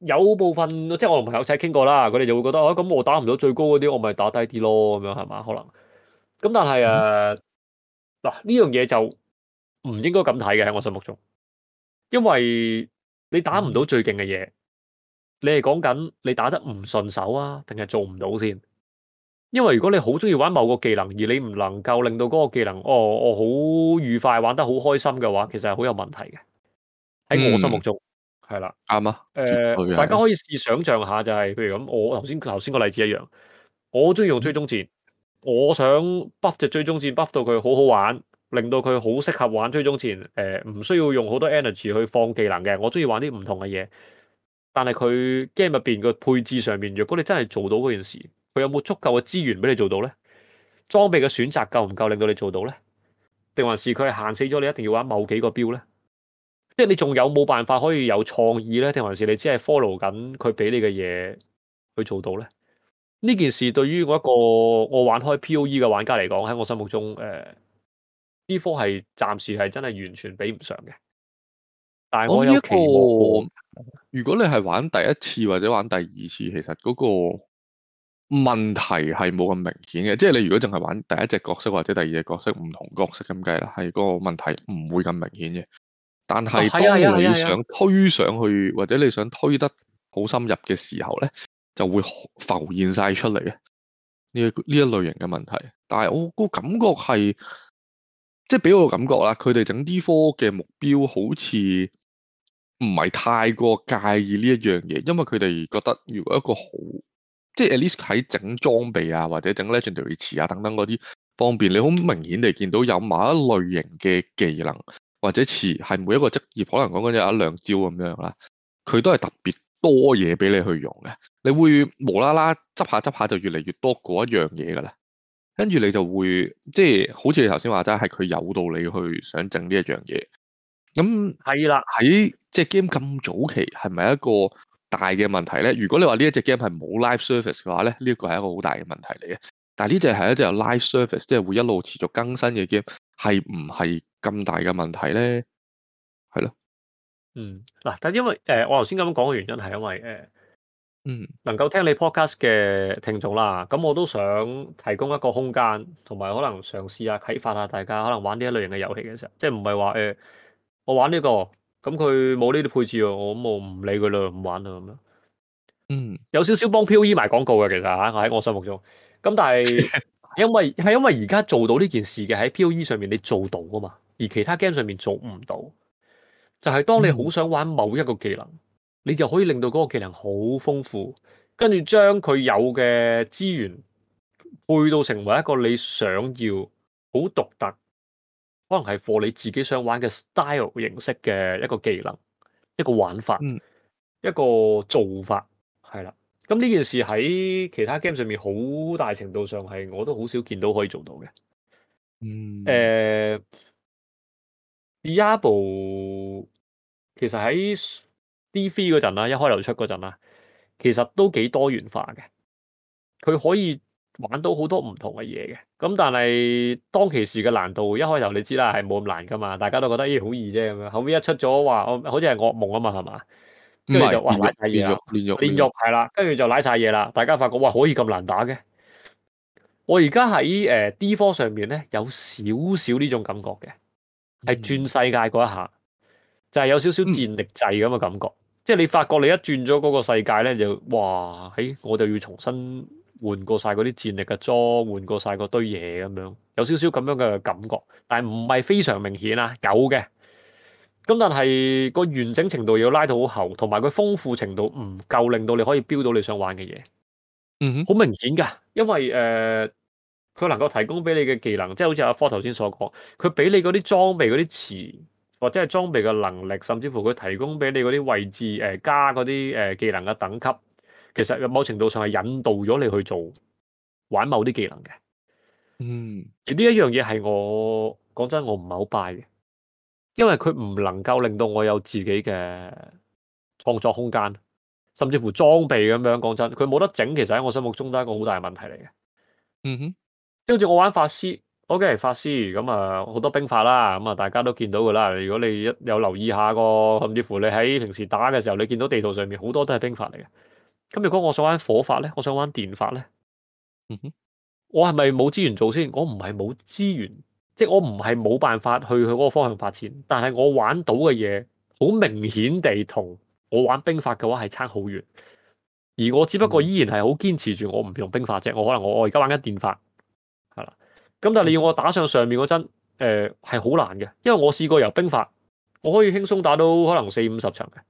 有部分即係我同朋友仔傾過啦，佢哋就會覺得啊，咁我打唔到最高嗰啲，我咪打低啲咯，咁樣係嘛？可能咁，但係誒嗱呢樣嘢就唔應該咁睇嘅，喺我心目中，因為你打唔到最勁嘅嘢。你係講緊你打得唔順手啊，定係做唔到先？因為如果你好中意玩某個技能，而你唔能夠令到嗰個技能，哦，我好愉快玩得好開心嘅話，其實係好有問題嘅。喺我心目中係啦，啱、嗯、啊。誒、呃，大家可以試想像下，就係、是、譬如咁，我頭先頭先個例子一樣，我中意用追蹤箭，我想 buff 隻追蹤箭 buff 到佢好好玩，令到佢好適合玩追蹤箭。誒、呃，唔需要用好多 energy 去放技能嘅，我中意玩啲唔同嘅嘢。但係佢 game 入邊個配置上面，若果你真係做到嗰件事，佢有冇足夠嘅資源俾你做到咧？裝備嘅選擇夠唔夠令到你做到咧？定還是佢係限死咗你一定要玩某幾個標咧？即係你仲有冇辦法可以有創意咧？定還是你只係 follow 緊佢俾你嘅嘢去做到咧？呢件事對於我一個我玩開 P.O.E 嘅玩家嚟講，喺我心目中誒，呢科係暫時係真係完全比唔上嘅。但係我有期如果你係玩第一次或者玩第二次，其實嗰個問題係冇咁明顯嘅，即係你如果淨係玩第一隻角色或者第二隻角色唔同角色咁計啦，係嗰個問題唔會咁明顯嘅。但係當你想推上去或者你想推得好深入嘅時候咧，就會浮現晒出嚟嘅，呢呢一類型嘅問題。但係我個感覺係，即係俾我個感覺啦，佢哋整 D4 嘅目標好似，唔係太過介意呢一樣嘢，因為佢哋覺得如果一個好，即係 at least 喺整裝備啊，或者整 legendary 池啊等等嗰啲方便你好明顯地見到有某一類型嘅技能或者詞，係每一個職業可能講緊有一兩招咁樣啦，佢都係特別多嘢俾你去用嘅，你會無啦啦執下執下就越嚟越多嗰一樣嘢噶啦，跟住你就會即係好似你頭先話齋，係佢有道理去想整呢一樣嘢。咁係啦，喺即係 game 咁早期，係咪一個大嘅問題咧？如果你話呢一隻 game 係冇 live service 嘅話咧，呢一個係一個好大嘅問題嚟嘅。但係呢隻係一隻有 live service 即係會一路持續更新嘅 game，係唔係咁大嘅問題咧？係咯，嗯，嗱，但因為誒、呃，我頭先咁樣講嘅原因係因為誒、呃，嗯，能夠聽你 podcast 嘅聽眾啦，咁我都想提供一個空間，同埋可能嘗試下啟發下大家，可能玩呢一類型嘅遊戲嘅時候，即係唔係話誒。呃我玩呢、這個，咁佢冇呢啲配置啊，我冇唔理佢啦，唔玩啦咁樣。嗯，有少少幫 PoE 埋廣告嘅其實吓，我喺我心目中。咁但係因為係 *laughs* 因為而家做到呢件事嘅喺 PoE 上面你做到啊嘛，而其他 game 上面做唔到。就係、是、當你好想玩某一個技能，你就可以令到嗰個技能好豐富，跟住將佢有嘅資源配到成為一個你想要好獨特。可能係 for 你自己想玩嘅 style 形式嘅一個技能、一個玩法、嗯、一個做法，係啦。咁呢件事喺其他 game 上面好大程度上係我都好少見到可以做到嘅。嗯，誒 Diablo 其實喺 D3 嗰陣啦，一開頭出嗰陣啦，其實都幾多元化嘅，佢可以。玩到好多唔同嘅嘢嘅，咁但係當其時嘅難度，一開頭你知啦，係冇咁難噶嘛，大家都覺得，咦、哎，好易啫咁樣。後屘一出咗話，好似係噩夢啊嘛，係嘛，跟住就話瀨晒嘢啦，練肉練肉係啦，跟住就瀨晒嘢啦，大家發覺哇，可以咁難打嘅。我而家喺誒 D 科上面咧，有少少呢種感覺嘅，係、嗯、轉世界嗰一下，就係、是、有少少戰力制咁嘅感覺，嗯、即係你發覺你一轉咗嗰個世界咧，就哇，喺、哎、我就要重新。換過晒嗰啲戰力嘅裝，換過晒嗰堆嘢咁樣，有少少咁樣嘅感覺，但係唔係非常明顯啊，有嘅。咁但係個完整程度要拉到好厚，同埋佢豐富程度唔夠，令到你可以標到你想玩嘅嘢。嗯哼，好明顯㗎，因為誒，佢、呃、能夠提供俾你嘅技能，即係好似阿科頭先所講，佢俾你嗰啲裝備嗰啲詞，或者係裝備嘅能力，甚至乎佢提供俾你嗰啲位置、呃、加嗰啲、呃、技能嘅等級。其實有某程度上係引導咗你去做玩某啲技能嘅，嗯，而呢一樣嘢，係我講真，我唔係好 buy 嘅，因為佢唔能夠令到我有自己嘅創作空間，甚至乎裝備咁樣。講真，佢冇得整，其實喺我心目中都係一個好大嘅問題嚟嘅。嗯哼，即好似我玩法師，O K，法師咁啊，好多兵法啦，咁啊，大家都見到噶啦。如果你有留意下個，甚至乎你喺平時打嘅時候，你見到地圖上面好多都係兵法嚟嘅。咁如果我想玩火法咧，我想玩電法咧，嗯哼，我係咪冇資源做先？我唔係冇資源，即係我唔係冇辦法去去嗰個方向發展。但係我玩到嘅嘢，好明顯地同我玩兵法嘅話係差好遠。而我只不過依然係好堅持住，我唔用兵法啫。我可能我我而家玩緊電法，係啦。咁但係你要我打上上面嗰陣，呃，係好難嘅，因為我試過由兵法，我可以輕鬆打到可能四五十場嘅。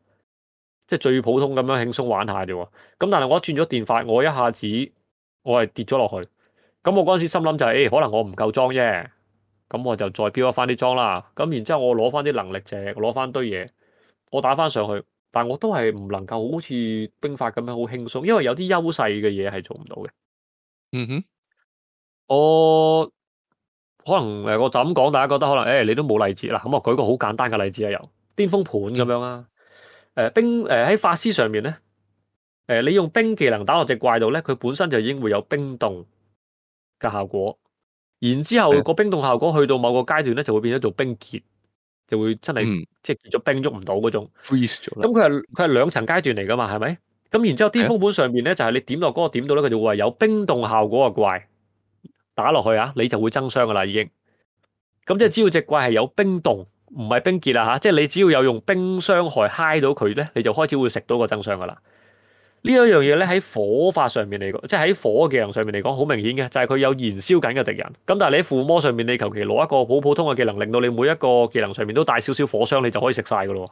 即係最普通咁樣輕鬆玩下啫喎，咁但係我一轉咗電法，我一下子我係跌咗落去，咁我嗰陣時心諗就係、是，誒、欸、可能我唔夠裝啫，咁我就再飚一翻啲裝啦，咁然之後我攞翻啲能力值，攞翻堆嘢，我打翻上去，但係我都係唔能夠好似兵法咁樣好輕鬆，因為有啲優勢嘅嘢係做唔到嘅。嗯哼，我可能誒我咁講，大家覺得可能誒、欸、你都冇例子啦，咁、啊、我舉個好簡單嘅例子啊，由巔峰盤咁樣啊。嗯誒、呃，冰誒喺、呃、法師上面咧，誒、呃、你用冰技能打落隻怪度咧，佢本身就已經會有冰凍嘅效果。然之後個冰凍效果去到某個階段咧，就會變咗做冰結，就會真係、嗯、即係結咗冰喐唔到嗰種。freeze 咗。咁佢係佢係兩層階段嚟噶嘛，係咪？咁然之後巔峰本上面咧，就係你點落嗰、那個點度咧，佢就會話有冰凍效果嘅怪打落去啊，你就會增傷噶啦，已經。咁即係只要隻怪係有冰凍。唔係冰結啦吓，即係你只要有用冰傷害嗨到佢咧，你就開始會食到個增傷噶啦。呢一樣嘢咧喺火法上面嚟講，即係喺火技能上面嚟講，好明顯嘅就係、是、佢有燃燒緊嘅敵人。咁但係你喺附魔上面，你求其攞一個好普通嘅技能，令到你每一個技能上面都帶少少火傷，你就可以食晒噶啦。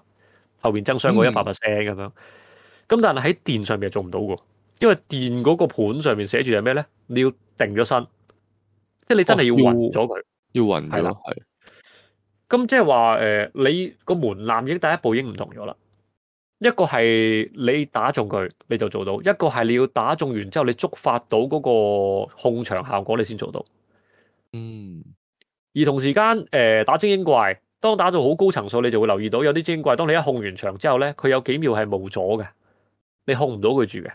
後邊增傷過一百 percent 咁樣。咁、嗯、但係喺電上面做唔到噶，因為電嗰個盤上面寫住係咩咧？你要定咗身，即係你真係要暈咗佢，要暈係啦，係。咁即係話誒，你個門檻已經第一步已經唔同咗啦。一個係你打中佢，你就做到；一個係你要打中完之後，你觸發到嗰個控場效果，你先做到。嗯。而同時間，誒、呃、打精英怪，當打到好高層數，你就會留意到有啲精英怪，當你一控完場之後咧，佢有幾秒係冇阻嘅，你控唔到佢住嘅，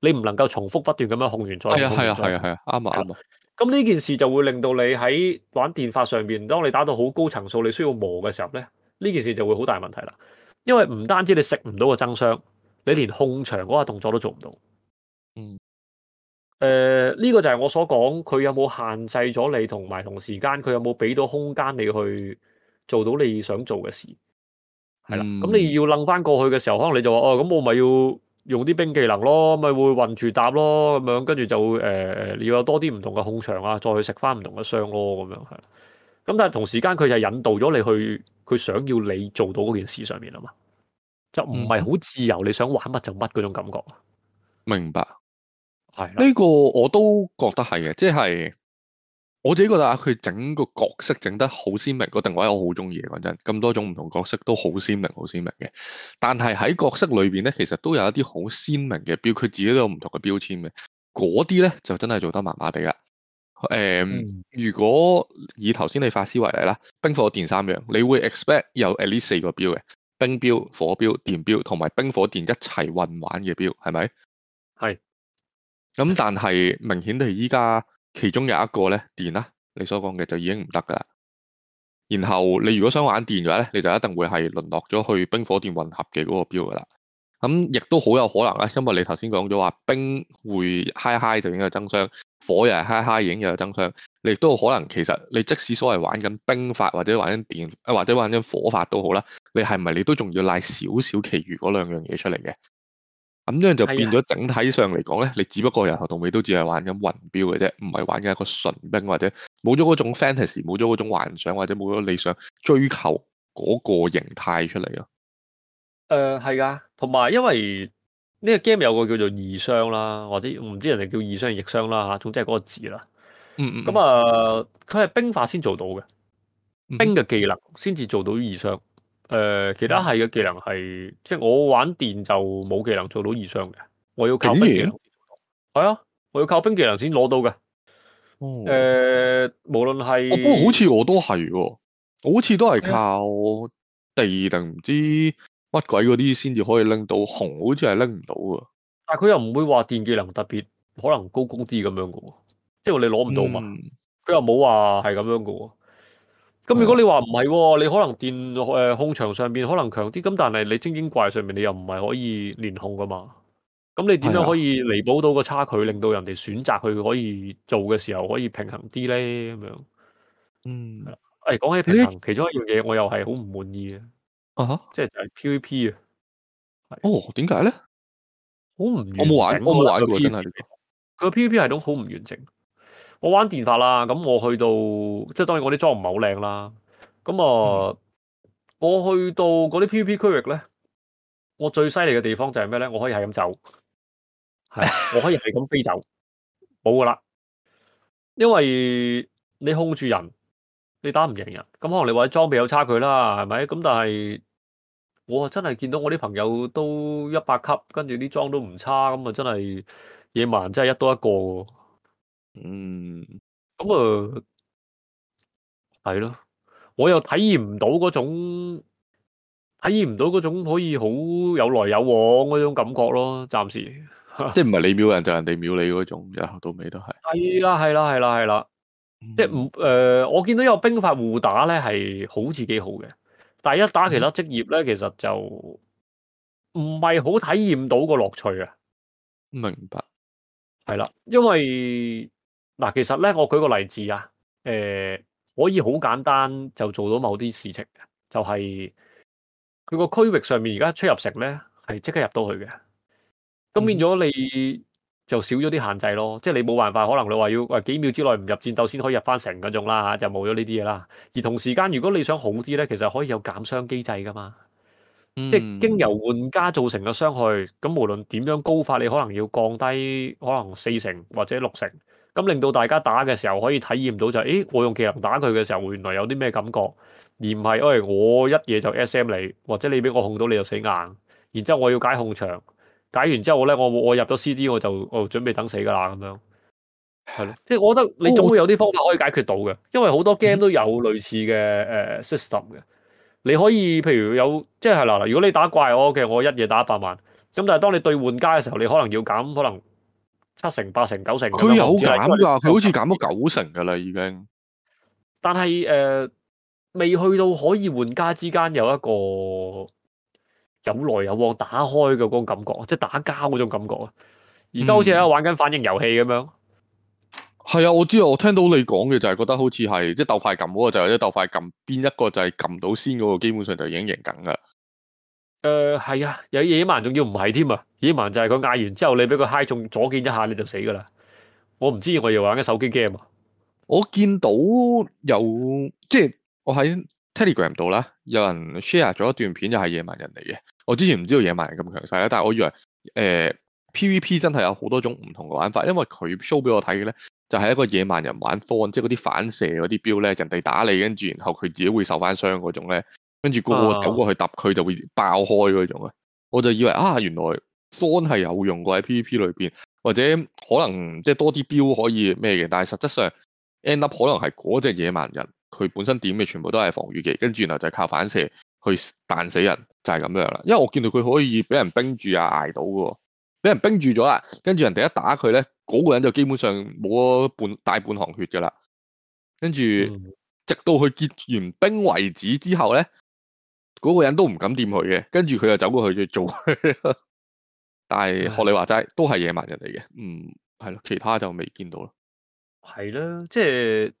你唔能夠重複不斷咁樣控完再控。係啊係啊係啊係啊，啱啊啱啊。咁呢件事就會令到你喺玩電發上面，當你打到好高層數，你需要磨嘅時候咧，呢件事就會好大問題啦。因為唔單止你食唔到個增傷，你連控場嗰個動作都做唔到。嗯、呃。誒，呢個就係我所講，佢有冇限制咗你同埋同時間，佢有冇俾到空間你去做到你想做嘅事。係、嗯、啦，咁你要楞翻過去嘅時候，可能你就話：哦，咁我咪要，用啲冰技能咯，咪會混住搭咯，咁樣跟住就會你、呃、要有多啲唔同嘅控場啊，再去食翻唔同嘅傷咯，咁樣係。咁但係同時間佢就引導咗你去佢想要你做到嗰件事上面啊嘛，就唔係好自由，你想玩乜就乜嗰種感覺。明白，係。呢、呢個我都覺得係嘅，即係。我自己覺得啊，佢整個角色整得好鮮明，個定位我好中意。講真，咁多種唔同角色都好鮮明，好鮮明嘅。但係喺角色裏邊咧，其實都有一啲好鮮明嘅標，佢自己都有唔同嘅標籤嘅。嗰啲咧就真係做得麻麻地啦。誒、嗯，如果以頭先你法師為例啦，冰火電三樣，你會 expect 有 at least 四個標嘅冰標、火標、電標，同埋冰火電一齊混玩嘅標，係咪？係。咁但係明顯地，依家。其中有一個咧電啦，你所講嘅就已經唔得噶啦。然後你如果想玩電嘅話咧，你就一定會係淪落咗去冰火電混合嘅嗰個標噶啦。咁亦都好有可能咧，因為你頭先講咗話冰會嗨嗨就已經有增傷，火又係嗨嗨已經有增傷。你亦都可能其實你即使所謂玩緊冰法或者玩緊電啊或者玩緊火法都好啦，你係咪你都仲要賴少少其餘嗰兩樣嘢出嚟嘅？咁樣就變咗，整體上嚟講咧，你只不過由頭到尾都只係玩緊雲標嘅啫，唔係玩緊一個純冰，或者冇咗嗰種 fantasy，冇咗嗰種幻想或者冇咗理想追求嗰個形態出嚟咯。誒係噶，同埋因為呢個 game 有個叫做易傷啦，或者唔知人哋叫易傷、逆傷啦嚇，總之係嗰個字啦。嗯嗯，嗯。咁啊，佢係冰法先做到嘅，冰嘅技能先至做到易傷。誒、呃，其他係嘅技能係、啊，即係我玩電就冇技能做到以上嘅，我要靠冰技能，係啊，我要靠冰技能先攞到嘅。誒、哦呃，無論係，不過好似我都係喎、哦，好似都係靠地定唔、嗯、知乜鬼嗰啲先至可以拎到紅，好似係拎唔到噶。但係佢又唔會話電技能特別可能高攻啲咁樣噶，即係你攞唔到嘛。佢、嗯、又冇話係咁樣噶。咁、嗯、如果你話唔係，你可能電誒控場上邊可能強啲，咁但係你精英怪上面你又唔係可以連控噶嘛？咁你點樣可以彌補到個差距，令到人哋選擇佢可以做嘅時候可以平衡啲咧？咁樣，嗯，誒，講起平衡，欸、其中一樣嘢我又係好唔滿意嘅。啊即係就係、是、PVP 啊！哦，點解咧？好唔我冇玩，我冇玩過真係、這個，佢 PVP 係都好唔完整。我玩電法啦，咁我去到，即係當然我啲裝唔係好靚啦。咁啊、嗯，我去到嗰啲 PVP 區域咧，我最犀利嘅地方就係咩咧？我可以係咁走，係我可以係咁飛走，冇噶啦。因為你控住人，你打唔贏人。咁可能你或者裝備有差距啦，係咪？咁但係我真係見到我啲朋友都一百級，跟住啲裝都唔差，咁啊真係野蠻，真係一刀一個。嗯，咁、嗯、啊，係、嗯、咯，我又體驗唔到嗰種，體驗唔到嗰種可以好有來有往嗰種感覺咯。暫時，即係唔係你秒人就 *laughs* 人哋秒你嗰種，由頭到尾都係。係啦，係啦，係啦，係啦、嗯，即係唔誒，我見到有兵法互打咧，係好似幾好嘅，但係一打其他職業咧、嗯，其實就唔係好體驗到個樂趣啊。明白，係啦，因為。嗱，其實咧，我舉個例子啊、呃，可以好簡單就做到某啲事情嘅，就係佢個區域上面而家出入城咧，係即刻入到去嘅。咁變咗你就少咗啲限制咯，嗯、即係你冇辦法，可能你話要誒幾秒之內唔入戰鬥先可以入翻城嗰種啦嚇，就冇咗呢啲嘢啦。而同時間，如果你想好啲咧，其實可以有減傷機制噶嘛，嗯、即係經由玩家造成嘅傷害，咁無論點樣高發，你可能要降低可能四成或者六成。咁令到大家打嘅時候可以體驗到就係，誒，我用技能打佢嘅時候，原來有啲咩感覺，而唔係，因為，我一嘢就 S M 你，或者你俾我控到你就死硬，然之後我要解控場，解完之後呢，咧，我我入咗 C D 我就我就準備等死噶啦，咁樣係咯，即係我覺得你總會有啲方法可以解決到嘅，因為好多 game 都有類似嘅 system 嘅，你可以譬如有即係嗱嗱，如果你打怪我嘅，我一嘢打一百萬，咁但係當你對玩家嘅時候，你可能要減，可能。七成、八成、九成，佢有減的好減㗎，佢好似減咗九成嘅啦，已經。但係誒、呃，未去到可以玩家之間有一個有來有往、打開嘅嗰種感覺，即係打交嗰種感覺啊！而家好似喺度玩緊反應遊戲咁樣。係、嗯、啊，我知啊，我聽到你講嘅就係覺得好似係即係鬥快撳嗰個，就係一鬥快撳邊一個就係撳到先嗰、那個，基本上就已經贏緊㗎。誒、呃，係啊，有野蠻人，仲要唔係添啊？野蠻就係佢嗌完之後，你俾佢嗨中左鍵一下，你就死噶啦。我唔知，我又玩緊手機 game 啊。我見到有，即係我喺 Telegram 度啦，有人 share 咗一段片，就係野蠻人嚟嘅。我之前唔知道野蠻人咁強勢啦，但係我以為誒、呃、PVP 真係有好多種唔同嘅玩法，因為佢 show 俾我睇嘅咧，就係一個野蠻人玩 Thorn，即係嗰啲反射嗰啲標咧，人哋打你，跟住然後佢自己會受翻傷嗰種咧。跟住個個走過去揼佢就會爆開嗰種啊！我就以為啊，原來方係有用過喺 PVP 裏邊，或者可能即係多啲標可以咩嘅。但係實質上，end up 可能係嗰隻野蠻人，佢本身點嘅全部都係防禦技。跟住然後就靠反射去彈死人，就係咁樣啦。因為我見到佢可以俾人冰住啊，捱到嘅喎，俾人冰住咗啦，跟住人哋一打佢咧，嗰個人就基本上冇半大半行血嘅啦。跟住直到佢結完冰為止之後咧。嗰、那個人都唔敢掂佢嘅，跟住佢就走過去再做。但係學、嗯、你話齋，都係野蠻人嚟嘅，唔係咯，其他就未見到咯。係啦，即係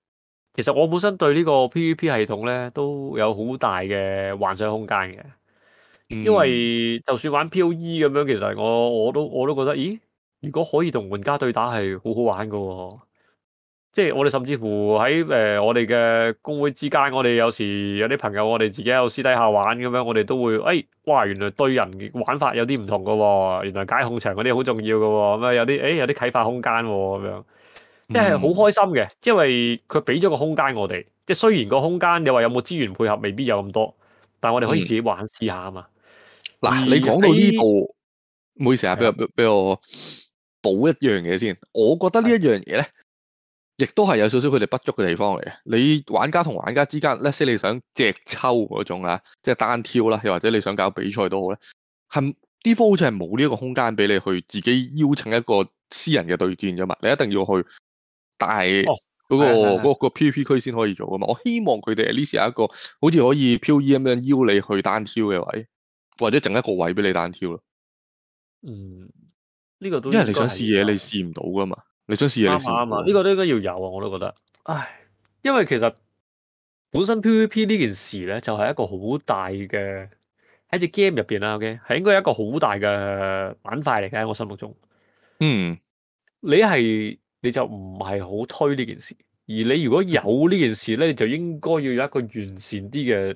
其實我本身對呢個 PVP 系統咧都有好大嘅幻想空間嘅，因為就算玩 PoE 咁樣，其實我我都我都覺得，咦，如果可以同玩家對打係好好玩㗎喎、哦。即係我哋甚至乎喺，誒，我哋嘅公會之間，我哋有時有啲朋友我哋，我哋自己喺私底下玩咁樣，我哋都會誒、哎，哇，原來對人玩法有啲唔同噶，原來解控場嗰啲好重要噶，咁啊有啲誒、哎、有啲啟發空間咁樣，即係好開心嘅、嗯，因為佢俾咗個空間我哋，即係雖然個空間你話有冇資源配合未必有咁多，但我哋可以自己玩試下啊嘛。嗱、嗯，你講到呢度，唔好意思啊，俾我俾我補一樣嘢先，我覺得呢一樣嘢咧。亦都係有少少佢哋不足嘅地方嚟嘅。你玩家同玩家之間，呢即你想直抽嗰種啊，即係單挑啦、啊，又或者你想搞比賽都好啦，係啲好似係冇呢一個空間俾你去自己邀請一個私人嘅對戰啫嘛。你一定要去大嗰、嗰個嗰、哦嗰個,個 PVP 區先可以做噶嘛。我希望佢哋呢時係一個好似可以 P.E.M. 邀你去單挑嘅位，或者整一個位俾你單挑咯。嗯，呢個都因為你想試嘢，你試唔到噶嘛。你想試下，啱啊，呢、啊，這個都應該要有啊，我都覺得。唉，因為其實本身 PVP 呢件事咧，就係、是、一個好大嘅喺隻 game 入邊啦。OK，係應該有一個好大嘅板塊嚟嘅，喺我心目中。嗯，你係你就唔係好推呢件事，而你如果有呢件事咧，你就應該要有一個完善啲嘅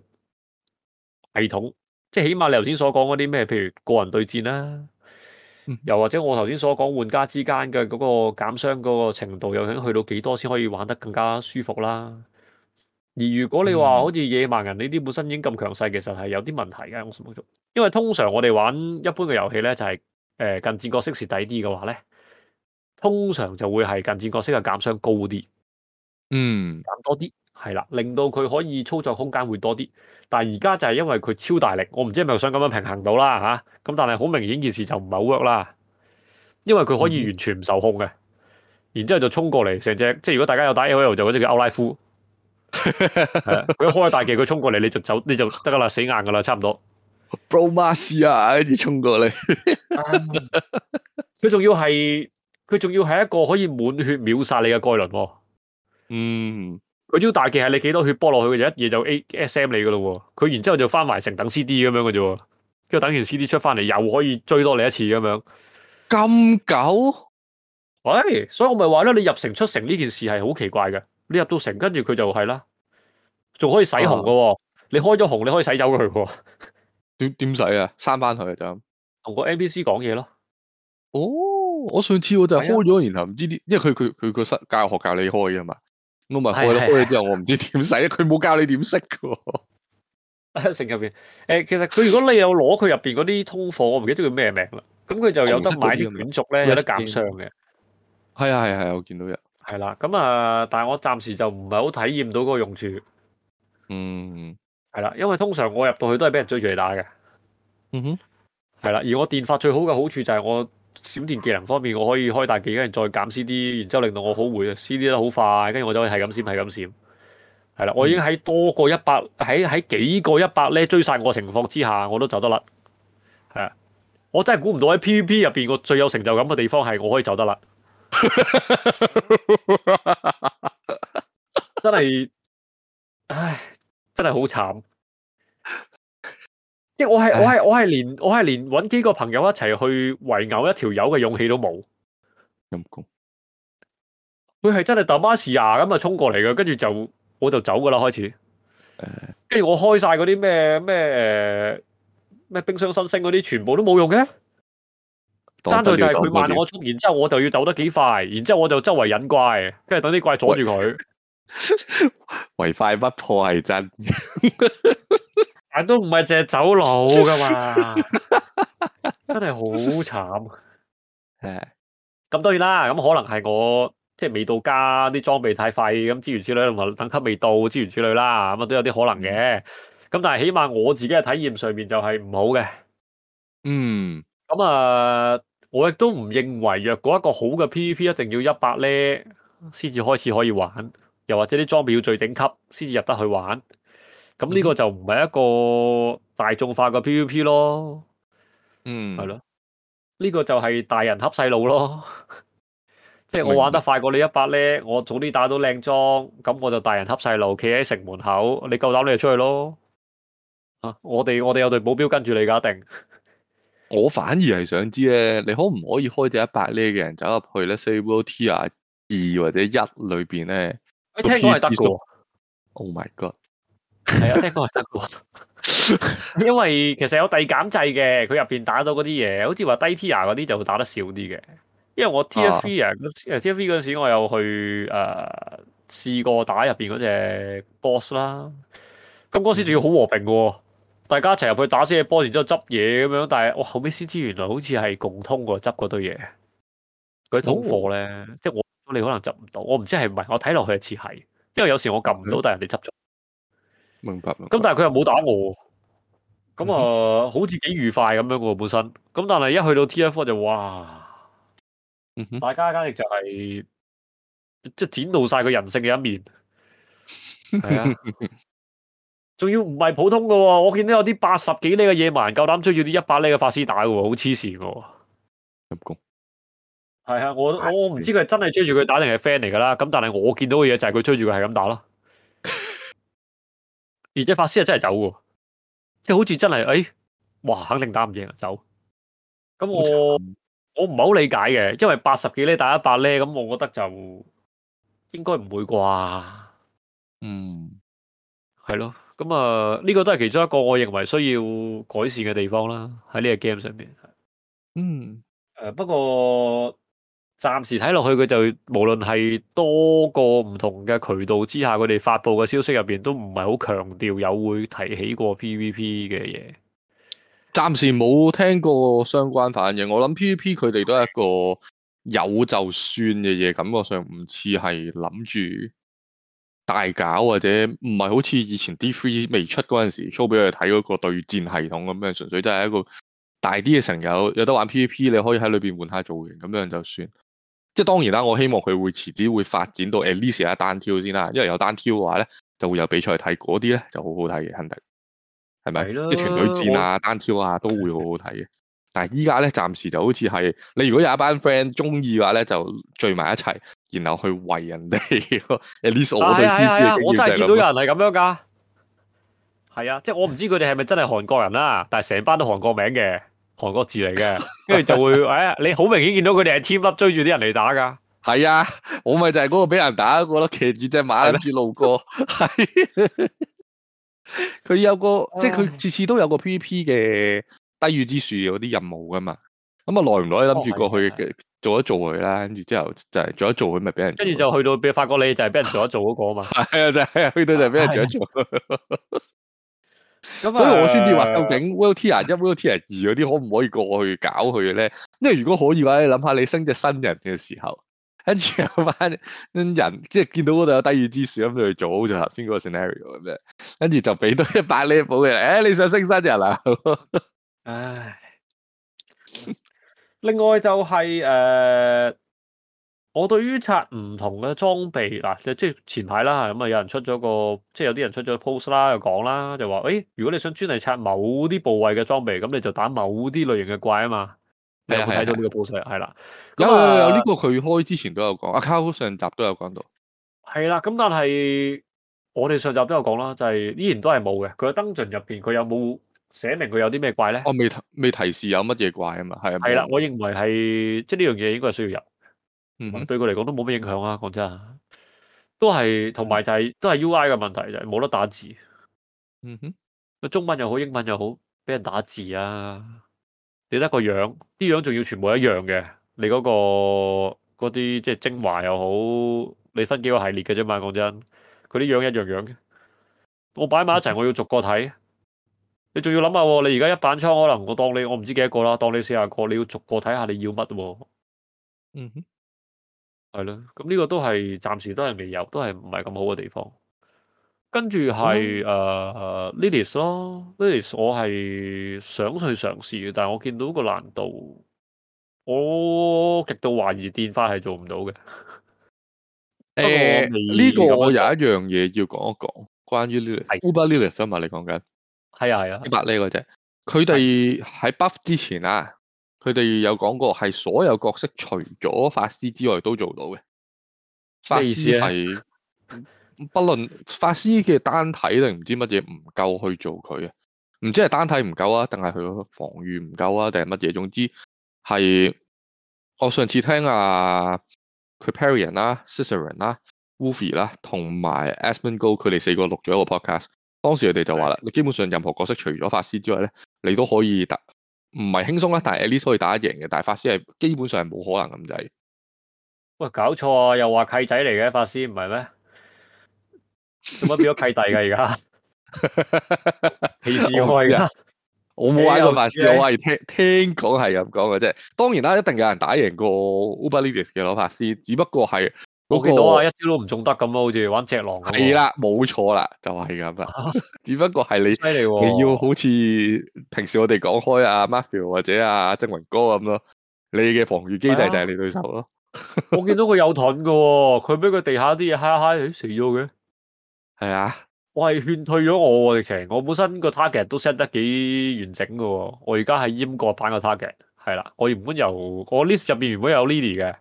系統，即係起碼你頭先所講嗰啲咩，譬如個人對戰啦、啊。又或者我頭先所講，玩家之間嘅嗰個減傷嗰個程度，又想去到幾多先可以玩得更加舒服啦，啊。而如果你話好似野蠻人呢啲本身已經咁強勢，其實係有啲問題嘅。因為通常我哋玩一般嘅遊戲咧，就係誒近戰角色蝕底啲嘅話咧，通常就會係近戰角色嘅減傷高啲，嗯，減多啲。係啦，令到佢可以操作空間會多啲，但係而家就係因為佢超大力，我唔知係咪想咁樣平衡到啦吓，咁但係好明顯件事就唔係好 work 啦，因為佢可以完全唔受控嘅，嗯，然之後就衝過嚟，成隻即係如果大家有打 L.O. 就嗰隻叫歐拉夫，佢 *laughs* 一開大技，佢衝過嚟，你就走，你就得噶啦，死硬噶啦，差唔多。布魯馬西亞跟住衝過嚟，佢 *laughs* 仲、嗯、要係，佢仲要係一個可以滿血秒殺你嘅蓋倫，嗯。佢招大技係你幾多血波落去，佢就一嘢就 A S M 你噶咯喎。佢然之後就翻埋城等 C D 咁樣嘅啫，跟住等完 C D 出翻嚟，又可以追多你一次咁樣。咁久？喂，所以我咪話咧，你入城出城呢件事係好奇怪嘅。你入到城，跟住佢就係、是、啦，仲可以洗紅噶、啊。你開咗紅，你可以洗走佢噶。點點洗啊？刪翻佢就同個 N P C 講嘢咯。哦，我上次我就開咗，然後唔知啲，因為佢佢佢個教教學教你開噶嘛。我咪開咗開咗之後，是是是我唔知點使，佢冇教你點識嘅喎。喺城入邊，誒，其實佢如果你有攞佢入邊嗰啲通貨， *laughs* 我唔記得咗叫咩名啦。咁佢就有得買啲卷軸咧，有得減傷嘅。係啊係啊係啊，我見到有。係啦，咁啊，但係我暫時就唔係好體驗到嗰個用處。嗯。係啦，因為通常我入到去都係俾人追住嚟打嘅。嗯哼。係啦，而我電法最好嘅好處就係我。閃電技能方面，我可以開大技能，再減 C D，然之後令到我好回 C D 得好快，跟住我就可以係咁閃係咁閃，係啦，我已經喺多過一百，喺喺幾個一百咧追殺我情況之下，我都走得甩。係啊，我真係估唔到喺 P V P 入邊個最有成就感嘅地方係，我可以走得甩。 *laughs* *laughs* *laughs* 真係，唉，真係好慘。我係我係我係連我係連搵幾個朋友一齊去圍毆一條友嘅勇氣都冇。陰功。佢係真係大馬士亞咁啊衝過嚟嘅，跟住就我就走噶啦開始。誒、嗯。跟住我開晒嗰啲咩咩誒咩冰箱新星嗰啲，全部都冇用嘅。爭到就係佢慢我衝，然之後我就要鬥得幾快，然之後我就周圍引怪，跟住等啲怪阻住佢。 *laughs* 唯快不破係真。 *laughs* 但都唔係淨係走佬噶嘛， *laughs* 真係好慘。誒， *laughs* 咁當然啦，咁可能係我即係未到家啲裝備太廢，咁資源處理同埋等級未到資源處理啦，咁啊都有啲可能嘅。咁但係起碼我自己嘅體驗上面就係唔好嘅。嗯，咁啊，我亦都唔認為若果一個好嘅 PVP 一定要一百咧先至開始可以玩，又或者啲裝備要最頂級先至入得去玩。咁、嗯、呢個就唔係一個大眾化嘅 PVP 咯，嗯，係、這個、咯，呢 *laughs* 個就係大人恰細路咯，即係我玩得快過你一百咧，我早啲打到靚裝，咁我就大人恰細路，企喺城門口，你夠膽你就出去咯，啊，我哋我哋有隊保鏢跟住你噶，一定，我反而係想知咧，你可唔可以開隻一百咧嘅人走入去咧？Say World Tier 二或者一裏邊咧，欸、聽講係得嘅，Oh my God！係啊，聽講係得嘅，因為其實有遞減制嘅，佢入邊打到嗰啲嘢，好似話低 Tier 嗰啲就會打得少啲嘅。因為我 Tier Three 嗰時，我又去誒試、呃、過打入邊嗰隻 Boss 啦。咁嗰時仲要好和平嘅、哦嗯，大家一齊入去打先嘅 boss，然之後執嘢咁樣。但係我後尾先知原來好似係共通嘅，執嗰堆嘢。佢通貨咧，即係我你可能執唔到，我唔知係唔係，我睇落去一次係，因為有時候我撳唔到，嗯、但係人哋執咗。明白，咁但係佢又冇打我，咁啊、嗯，好似幾愉快咁樣嘅本身。咁但係一去到 T.F. 就哇、嗯，大家簡直就係即係展露晒佢人性嘅一面。係 *laughs* 啊，仲要唔係普通嘅喎。我見到有啲八十幾呢嘅野蠻人夠膽追住啲一百呢嘅法師打喎，好黐線嘅喎。入攻。係啊，我我唔知佢係真係追住佢打定係 friend 嚟噶啦。咁但係我見到嘅嘢就係佢追住佢係咁打咯。而且法師又真係走嘅，即係好似真係，誒、哎，哇，肯定打唔贏，走。咁我我唔係好理解嘅，因為八十幾咧打一百咧，咁我覺得就應該唔會啩。嗯，係咯，咁啊，呢、呃這個都係其中一個我認為需要改善嘅地方啦，喺呢個 game 上面。嗯，誒、呃，不過。暫時睇落去佢就無論係多個唔同嘅渠道之下，佢哋發布嘅消息入邊都唔係好強調有會提起過 PVP 嘅嘢。暫時冇聽過相關反應。我諗 PVP 佢哋都係一個有就算嘅嘢，感覺上唔似係諗住大搞，或者唔係好似以前 D3 未出嗰陣時 show 俾佢哋睇嗰個對戰系統咁樣，純粹都係一個大啲嘅成友，有得玩 PVP，你可以喺裏邊換下造型咁樣就算。即係當然啦，我希望佢會遲啲會發展到 at least 啊，單挑先啦，因為有單挑嘅話咧，就會有比賽睇，嗰啲咧就好好睇嘅，肯定係咪？即係團隊戰啊、單挑啊，都會好好睇嘅。但係依家咧，暫時就好似係你如果有一班 friend 中意嘅話咧，就聚埋一齊，然後去圍人哋。 *laughs* at least 我對 P，我真係見到有人係咁樣噶。係啊，即係我唔知佢哋係咪真係韓國人啦，但係成班都韓國名嘅。韓國字嚟嘅，跟住就會， *laughs* 哎，你好明顯見到佢哋係千粒追住啲人嚟打噶。係啊，我咪就係嗰個俾人打嗰，那個咯，騎住隻馬諗住路過。係，佢 *laughs* 有個，即係佢次次都有個 PVP 嘅低語之樹嗰啲任務噶嘛。咁啊，耐唔耐諗住過去做一做佢啦，跟住之後就係做一做佢咪俾人。跟住就去到發覺，你就係俾人做一做嗰個啊嘛。係 *laughs* 啊，就係去到就係、是、俾人做一做、那個.。 *laughs* 所以我先至話究竟 World Tier 一 World Tier 二嗰啲可唔可以過去搞佢嘅咧？因為如果可以嘅話，你諗下你升隻新人嘅時候，跟住有班人即係見到嗰度有低語之樹咁，佢做好就頭先嗰個 scenario 咁樣，跟住就俾到一百 level 嘅，誒、欸、你想升新人啊？ *laughs* 唉， *laughs* 另外就係、是、誒。Uh... 我對於刷唔同嘅裝備嗱、啊，即係前排啦，咁啊有人出咗個，即係有啲人出咗 post 啦，又講啦，就話誒、欸，如果你想專嚟刷某啲部位嘅裝備，咁你就打某啲類型嘅怪啊嘛。你有冇睇到呢個 post？係啦，咁、嗯、啊，呢、這個佢開之前都有講，阿 Carl 上集都有講到。係啦，咁但係我哋上集都有講啦，就係、是、依然都係冇嘅。佢個 dungeon 入面，佢有冇寫明佢有啲咩怪咧？我未提未提示有乜嘢怪啊嘛，係啊。係啦，我認為係即係呢樣嘢應該係需要有。嗯、mm -hmm.，對佢嚟講都冇咩影響啊！講真，都係同埋就係、係、都係 UI 嘅問題啫，冇得打字。嗯哼，中文又好，英文又好，俾人打字啊！你得個樣，啲樣仲要全部一樣嘅，你嗰、嗰個嗰啲即係精華又好，你分幾個系列嘅啫嘛？講真，佢啲樣一樣樣嘅，我擺埋一齊，我要逐個睇。你仲要諗下、啊，你而家一板倉可能我當你我唔知幾多個啦，當你四廿個，你要逐個睇下你要乜、啊？嗯哼。係咯，咁呢個都係暫時都係未有，都係唔係咁好嘅地方。跟住係誒 Lilith 咯，Lilith 我係想去嘗試嘅，但係我見到個難度，我極度懷疑電化係做唔到嘅。誒、 *laughs* 欸，呢、這個我有一樣嘢要講一講，關於 Lilith，Uber Lilith 啊嘛，Lilith，我你講緊係啊係啊，八呢嗰啫。佢哋喺 Buff 之前啊。佢哋有講過，係所有角色除咗法師之外都做到嘅。法師係、啊，不論法師嘅單體定唔知乜嘢唔夠去做佢嘅，唔知係單體唔夠啊，定係佢嘅防禦唔夠啊，定係乜嘢？總之係，我上次聽啊 Kripparrian 啦、啊、Zizaran 啦、啊、wudijo 啦，同埋 Asmongold 佢哋四個錄咗一個 podcast。當時佢哋就話啦，你基本上任何角色除咗法師之外咧，你都可以唔係輕鬆啦，但係 at least 可以打得贏嘅，但係法師係基本上係冇可能咁滯。喂，搞錯啊！又話契仔嚟嘅法師唔係咩？做乜變咗契弟嘅而家？歧視我嘅，我冇玩過法師，欸、你我係聽聽講係咁講嘅啫。當然啦，一定有人打贏過 Uber Lilith 嘅老法師，只不過係。我見到啊，一啲都唔中得咁咯，好似玩隻狼、那個。係啦、啊，冇錯啦，就係咁啦。只不過係你、啊，你要好似平時我哋講開阿、啊、Matthew 或者阿、啊、曾雲哥咁咯，你嘅防禦機制就係你對手咯。啊、 *laughs* 我見到佢有盾嘅、哦，佢俾佢地下啲嘢 hi hi 死咗嘅。係啊，我係勸退咗我、哦，直情我本身個 target 都 set 得幾完整嘅、哦。我而家係閹割版嘅 target，係啦、啊。我原本由我 list 入邊原本有 Lily 嘅。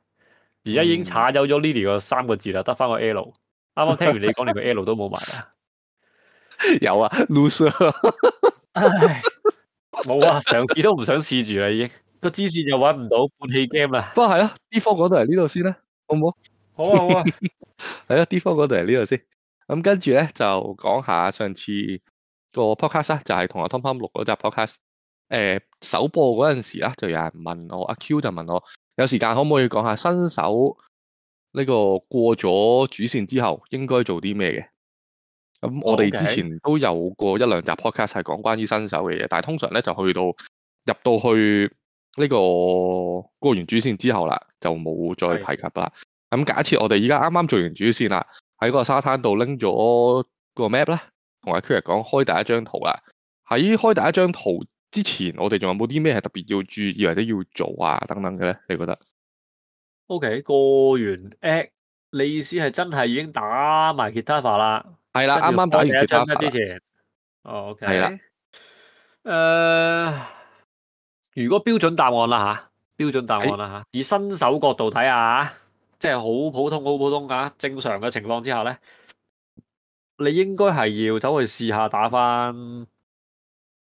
而家已經查走咗 Lily 個三個字啦，得翻個 L。啱啱聽完你講， *laughs* 連個 L 都冇埋啦。有啊，loser。冇、 *laughs* 哎、啊，上次都唔想試住啦，已經個支線又搵唔到，半氣 game 啦。不過係咯，D4 講到嚟呢度先啦、啊，好唔好？好啊，好啊。係咯，D4 講到嚟呢度先。咁跟住咧就講下上次個 podcast 啊，就係同阿 Tommy 錄嗰集 podcast、呃。誒，首播嗰陣時啦，就有人問我，阿、啊、Q 就問我。有時間可唔可以講下新手呢個過咗主線之後應該做啲咩嘅？咁我哋之前都有過一兩集 podcast 係講關於新手嘅嘢，但係通常咧就去到入到去呢個過完主線之後啦，就冇再提及啦。咁假設我哋而家啱啱做完主線啦，喺個沙灘度拎咗個 map 啦，同阿 Kirac 講開第一張圖啦，喺開第一張圖。之前我哋仲有冇啲咩係特別要注意或者要做啊等等嘅咧？你覺得？O、okay, K，過完 A，、欸、你意思係真係已經打埋其他法啦？係啦，啱啱打，打完其他一之前。哦，係、okay. 啦。誒、uh,，如果標準答案啦吓，標準答案啦吓，以新手角度睇下，即係好普通，好普通啊，正常嘅情況之下咧，你應該係要走去試下打返，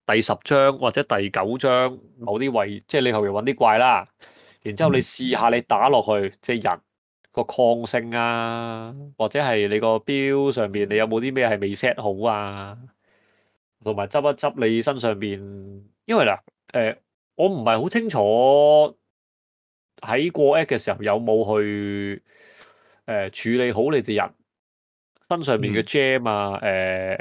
第十章或者第九章某啲位，即係你後邊揾啲怪啦。然之後你試下你打落去，嗯、即係人個抗性啊，或者係你個標上面，你有冇啲咩係未 set 好啊？同埋執一執你身上邊，因為嗱，誒、呃，我唔係好清楚喺過 Act 嘅時候有冇去誒、呃、處理好你隻人。身上面嘅 gem 啊，誒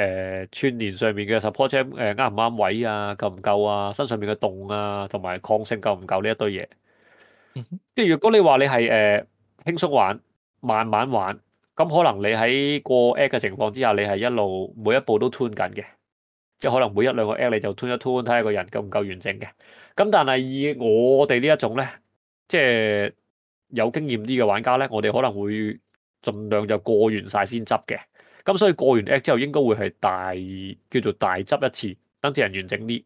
誒，串聯上面嘅 support gem，誒啱唔啱位啊，夠唔夠啊，身上面嘅洞啊，同埋抗性夠唔夠呢一堆嘢。即係如果你話你係誒輕鬆玩，慢慢玩，咁可能你喺過 act 嘅情況之下，你係一路每一步都 tune 緊嘅。即係可能每一兩個 act 你就 tune 一 tune 睇下個人夠唔夠完整嘅。咁但係以我哋呢一種咧，即係有經驗啲嘅玩家咧，我哋可能會。盡量就過完晒先執嘅，咁所以過完 act 之後應該會係大叫做大執一次，等住人完整啲。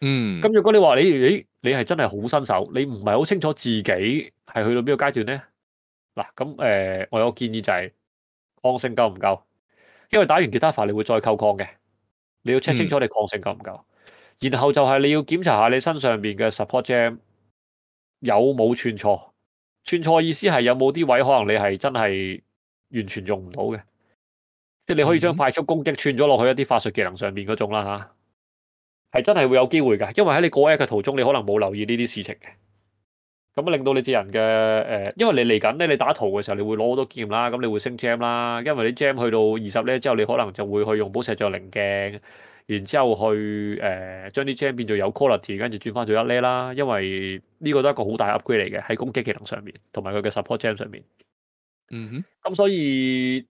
嗯，咁如果你話你，咦，你係真係好新手，你唔係好清楚自己係去到邊個階段咧？嗱，咁誒，我有個建議就係抗性夠唔夠？因為打完 Kitava，你會再扣抗嘅，你要 check 清楚你抗性夠唔夠。然後就係你要檢查下你身上面嘅 support gem 有冇串錯。串錯意思係有冇啲位可能你係真係完全用唔到嘅，即係你可以將快速攻擊串咗落去一啲法術技能上面嗰種啦吓，係真係會有機會㗎！因為喺你過 A 嘅途中，你可能冇留意呢啲事情嘅，咁啊令到你隻人嘅因為你嚟緊咧，你打圖嘅時候你會攞好多劍啦，咁你會升 gem 啦，因為你 gem 去到二十咧之後，你可能就會去用寶石做稜鏡。然之後去呃將啲 Gem 變做有 quality，跟住轉翻做一咧啦，因為呢個都係一個好大 upgrade 嚟嘅，喺攻擊技能上面同埋佢嘅 support Gem 上面。嗯哼，咁所以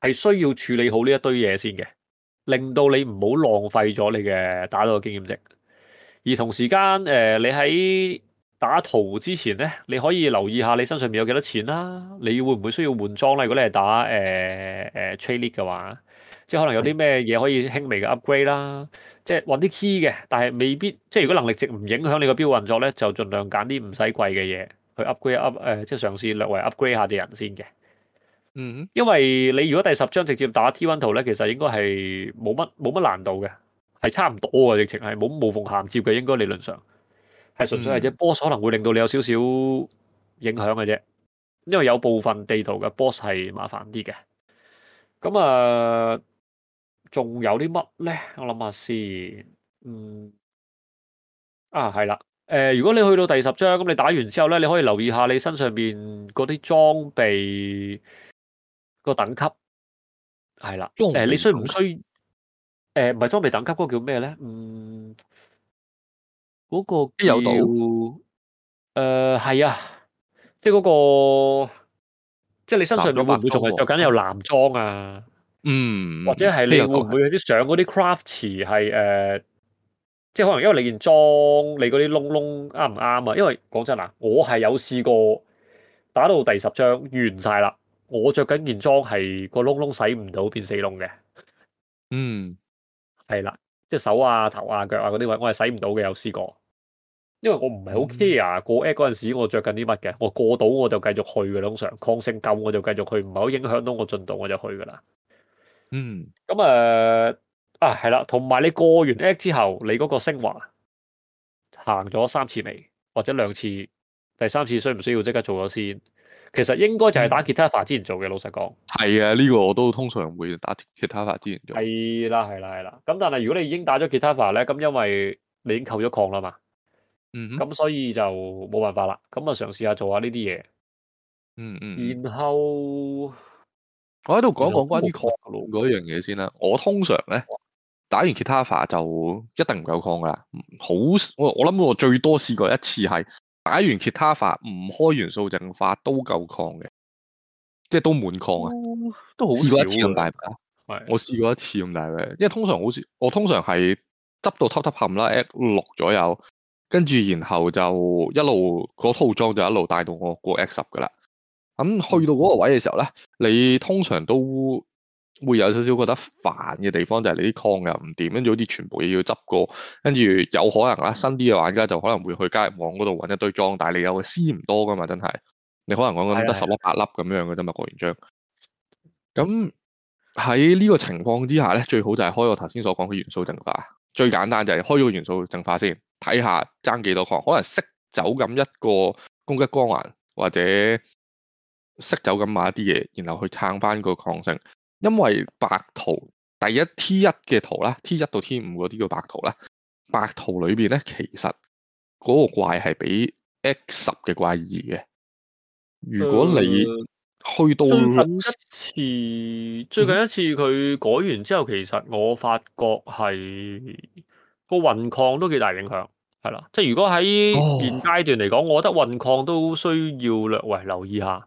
係需要處理好呢一堆嘢先嘅，令到你唔好浪費咗你嘅打到嘅經驗值。而同時間、呃、你喺打圖之前咧，你可以留意下你身上面有幾多錢啦，你會唔會需要換裝咧？如果你係打、呃呃、trading 嘅話。即係可能有啲咩嘢可以輕微嘅 upgrade 啦，即係揾啲 key 嘅，但係未必即係如果能力值唔影響你個 build 運作咧，就盡量揀啲唔使貴嘅嘢去 upgrade up、呃、即係嘗試略為 upgrade 下啲人先嘅。嗯、mm -hmm.，因為你如果第十章直接打 T one 圖咧，其實應該係冇乜冇乜難度嘅，係差唔多嘅，直情係冇無縫銜接嘅，應該理論上係純粹係隻 boss 可能會令到你有少少影響嘅啫，因為有部分地圖嘅 boss 係麻煩啲嘅。咁啊～、呃仲有啲乜咧？我諗下先。嗯，啊係啦。誒、呃，如果你去到第十章，咁你打完之後咧，你可以留意下你身上邊嗰啲裝備個等級。係啦。誒、呃，你需唔需？誒、呃，唔係裝備等級嗰、那個叫咩咧？嗯，嗰、那個有到。誒、呃，係啊，即係嗰個，即、就、係、是、你身上邊會唔會仲係着緊有藍裝啊？嗯，或者係你會唔會有啲上嗰啲 crafts 係誒、嗯呃，即係可能因為你件裝你嗰啲窿窿啱唔啱啊？因為講真啊，我係有試過打到第十章完晒啦，我着緊件裝係個窿窿洗唔到變死窿嘅。嗯，係啦，即係手啊、頭啊、腳啊嗰啲位，我係洗唔到嘅。有試過，因為我唔係好 care、嗯、過 a x 嗰陣時我着緊啲乜嘅，我過到我就繼續去嘅，通常抗性夠我就繼續去，唔係好影響到我進度我就去噶啦。嗯，咁、嗯、誒、嗯、啊係啦，同埋你過完 Act 之後，你嗰個升華行咗三次未，或者兩次，第三次需唔需要即刻做咗先？其實應該就係打吉他法之前做嘅、嗯。老實講，係啊，呢、這個我都通常會打吉他法之前做。係啦，係啦，係啦。咁但係如果你已經打咗吉他法咧，咁因為你已經扣咗抗啦嘛，嗯，嗯，咁所以就冇辦法啦。咁啊嘗試下做下呢啲嘢，嗯嗯，然後。我喺度講一講關於抗路嗰樣嘢先啦。我通常咧打完其他法就一定唔夠抗噶啦。好我我諗我最多試過一次係打完其他法唔開元素淨化都夠抗嘅，即係都滿抗啊、哦，都好少。一次咁大把，我試過一次咁大把，因為通常好似我通常係執到偷偷冚啦，X 六左右，跟住然後就一路嗰套裝就一路帶到我過 X 十噶啦。咁、嗯、去到嗰個位嘅時候咧，你通常都會有少少覺得煩嘅地方，就係、是、你啲抗又唔掂，跟住好似全部嘢要執過，跟住有可能啦，新啲嘅玩家就可能會去交易網嗰度揾一堆裝，但係你有嘅 C 唔多噶嘛，真係你可能講緊得十粒八粒咁樣嘅啫嘛，國元章。咁喺呢個情況之下咧，最好就係開我頭先所講嘅元素淨化，最簡單就係開個個元素淨化先，睇下爭幾多抗，可能釋走咁一個攻擊光環或者。釋走咁買一啲嘢，然後去撐翻個抗性。因為白圖第一 T 一嘅圖啦，T 一到 T 五嗰啲叫白圖啦。白圖裏邊咧，其實嗰個怪係比 X 十嘅怪易嘅。如果你去到最近一次最近一次佢改完之後、嗯，其實我發覺係個運礦都幾大影響，係啦。即係如果喺現階段嚟講、哦，我覺得運礦都需要略為留意下。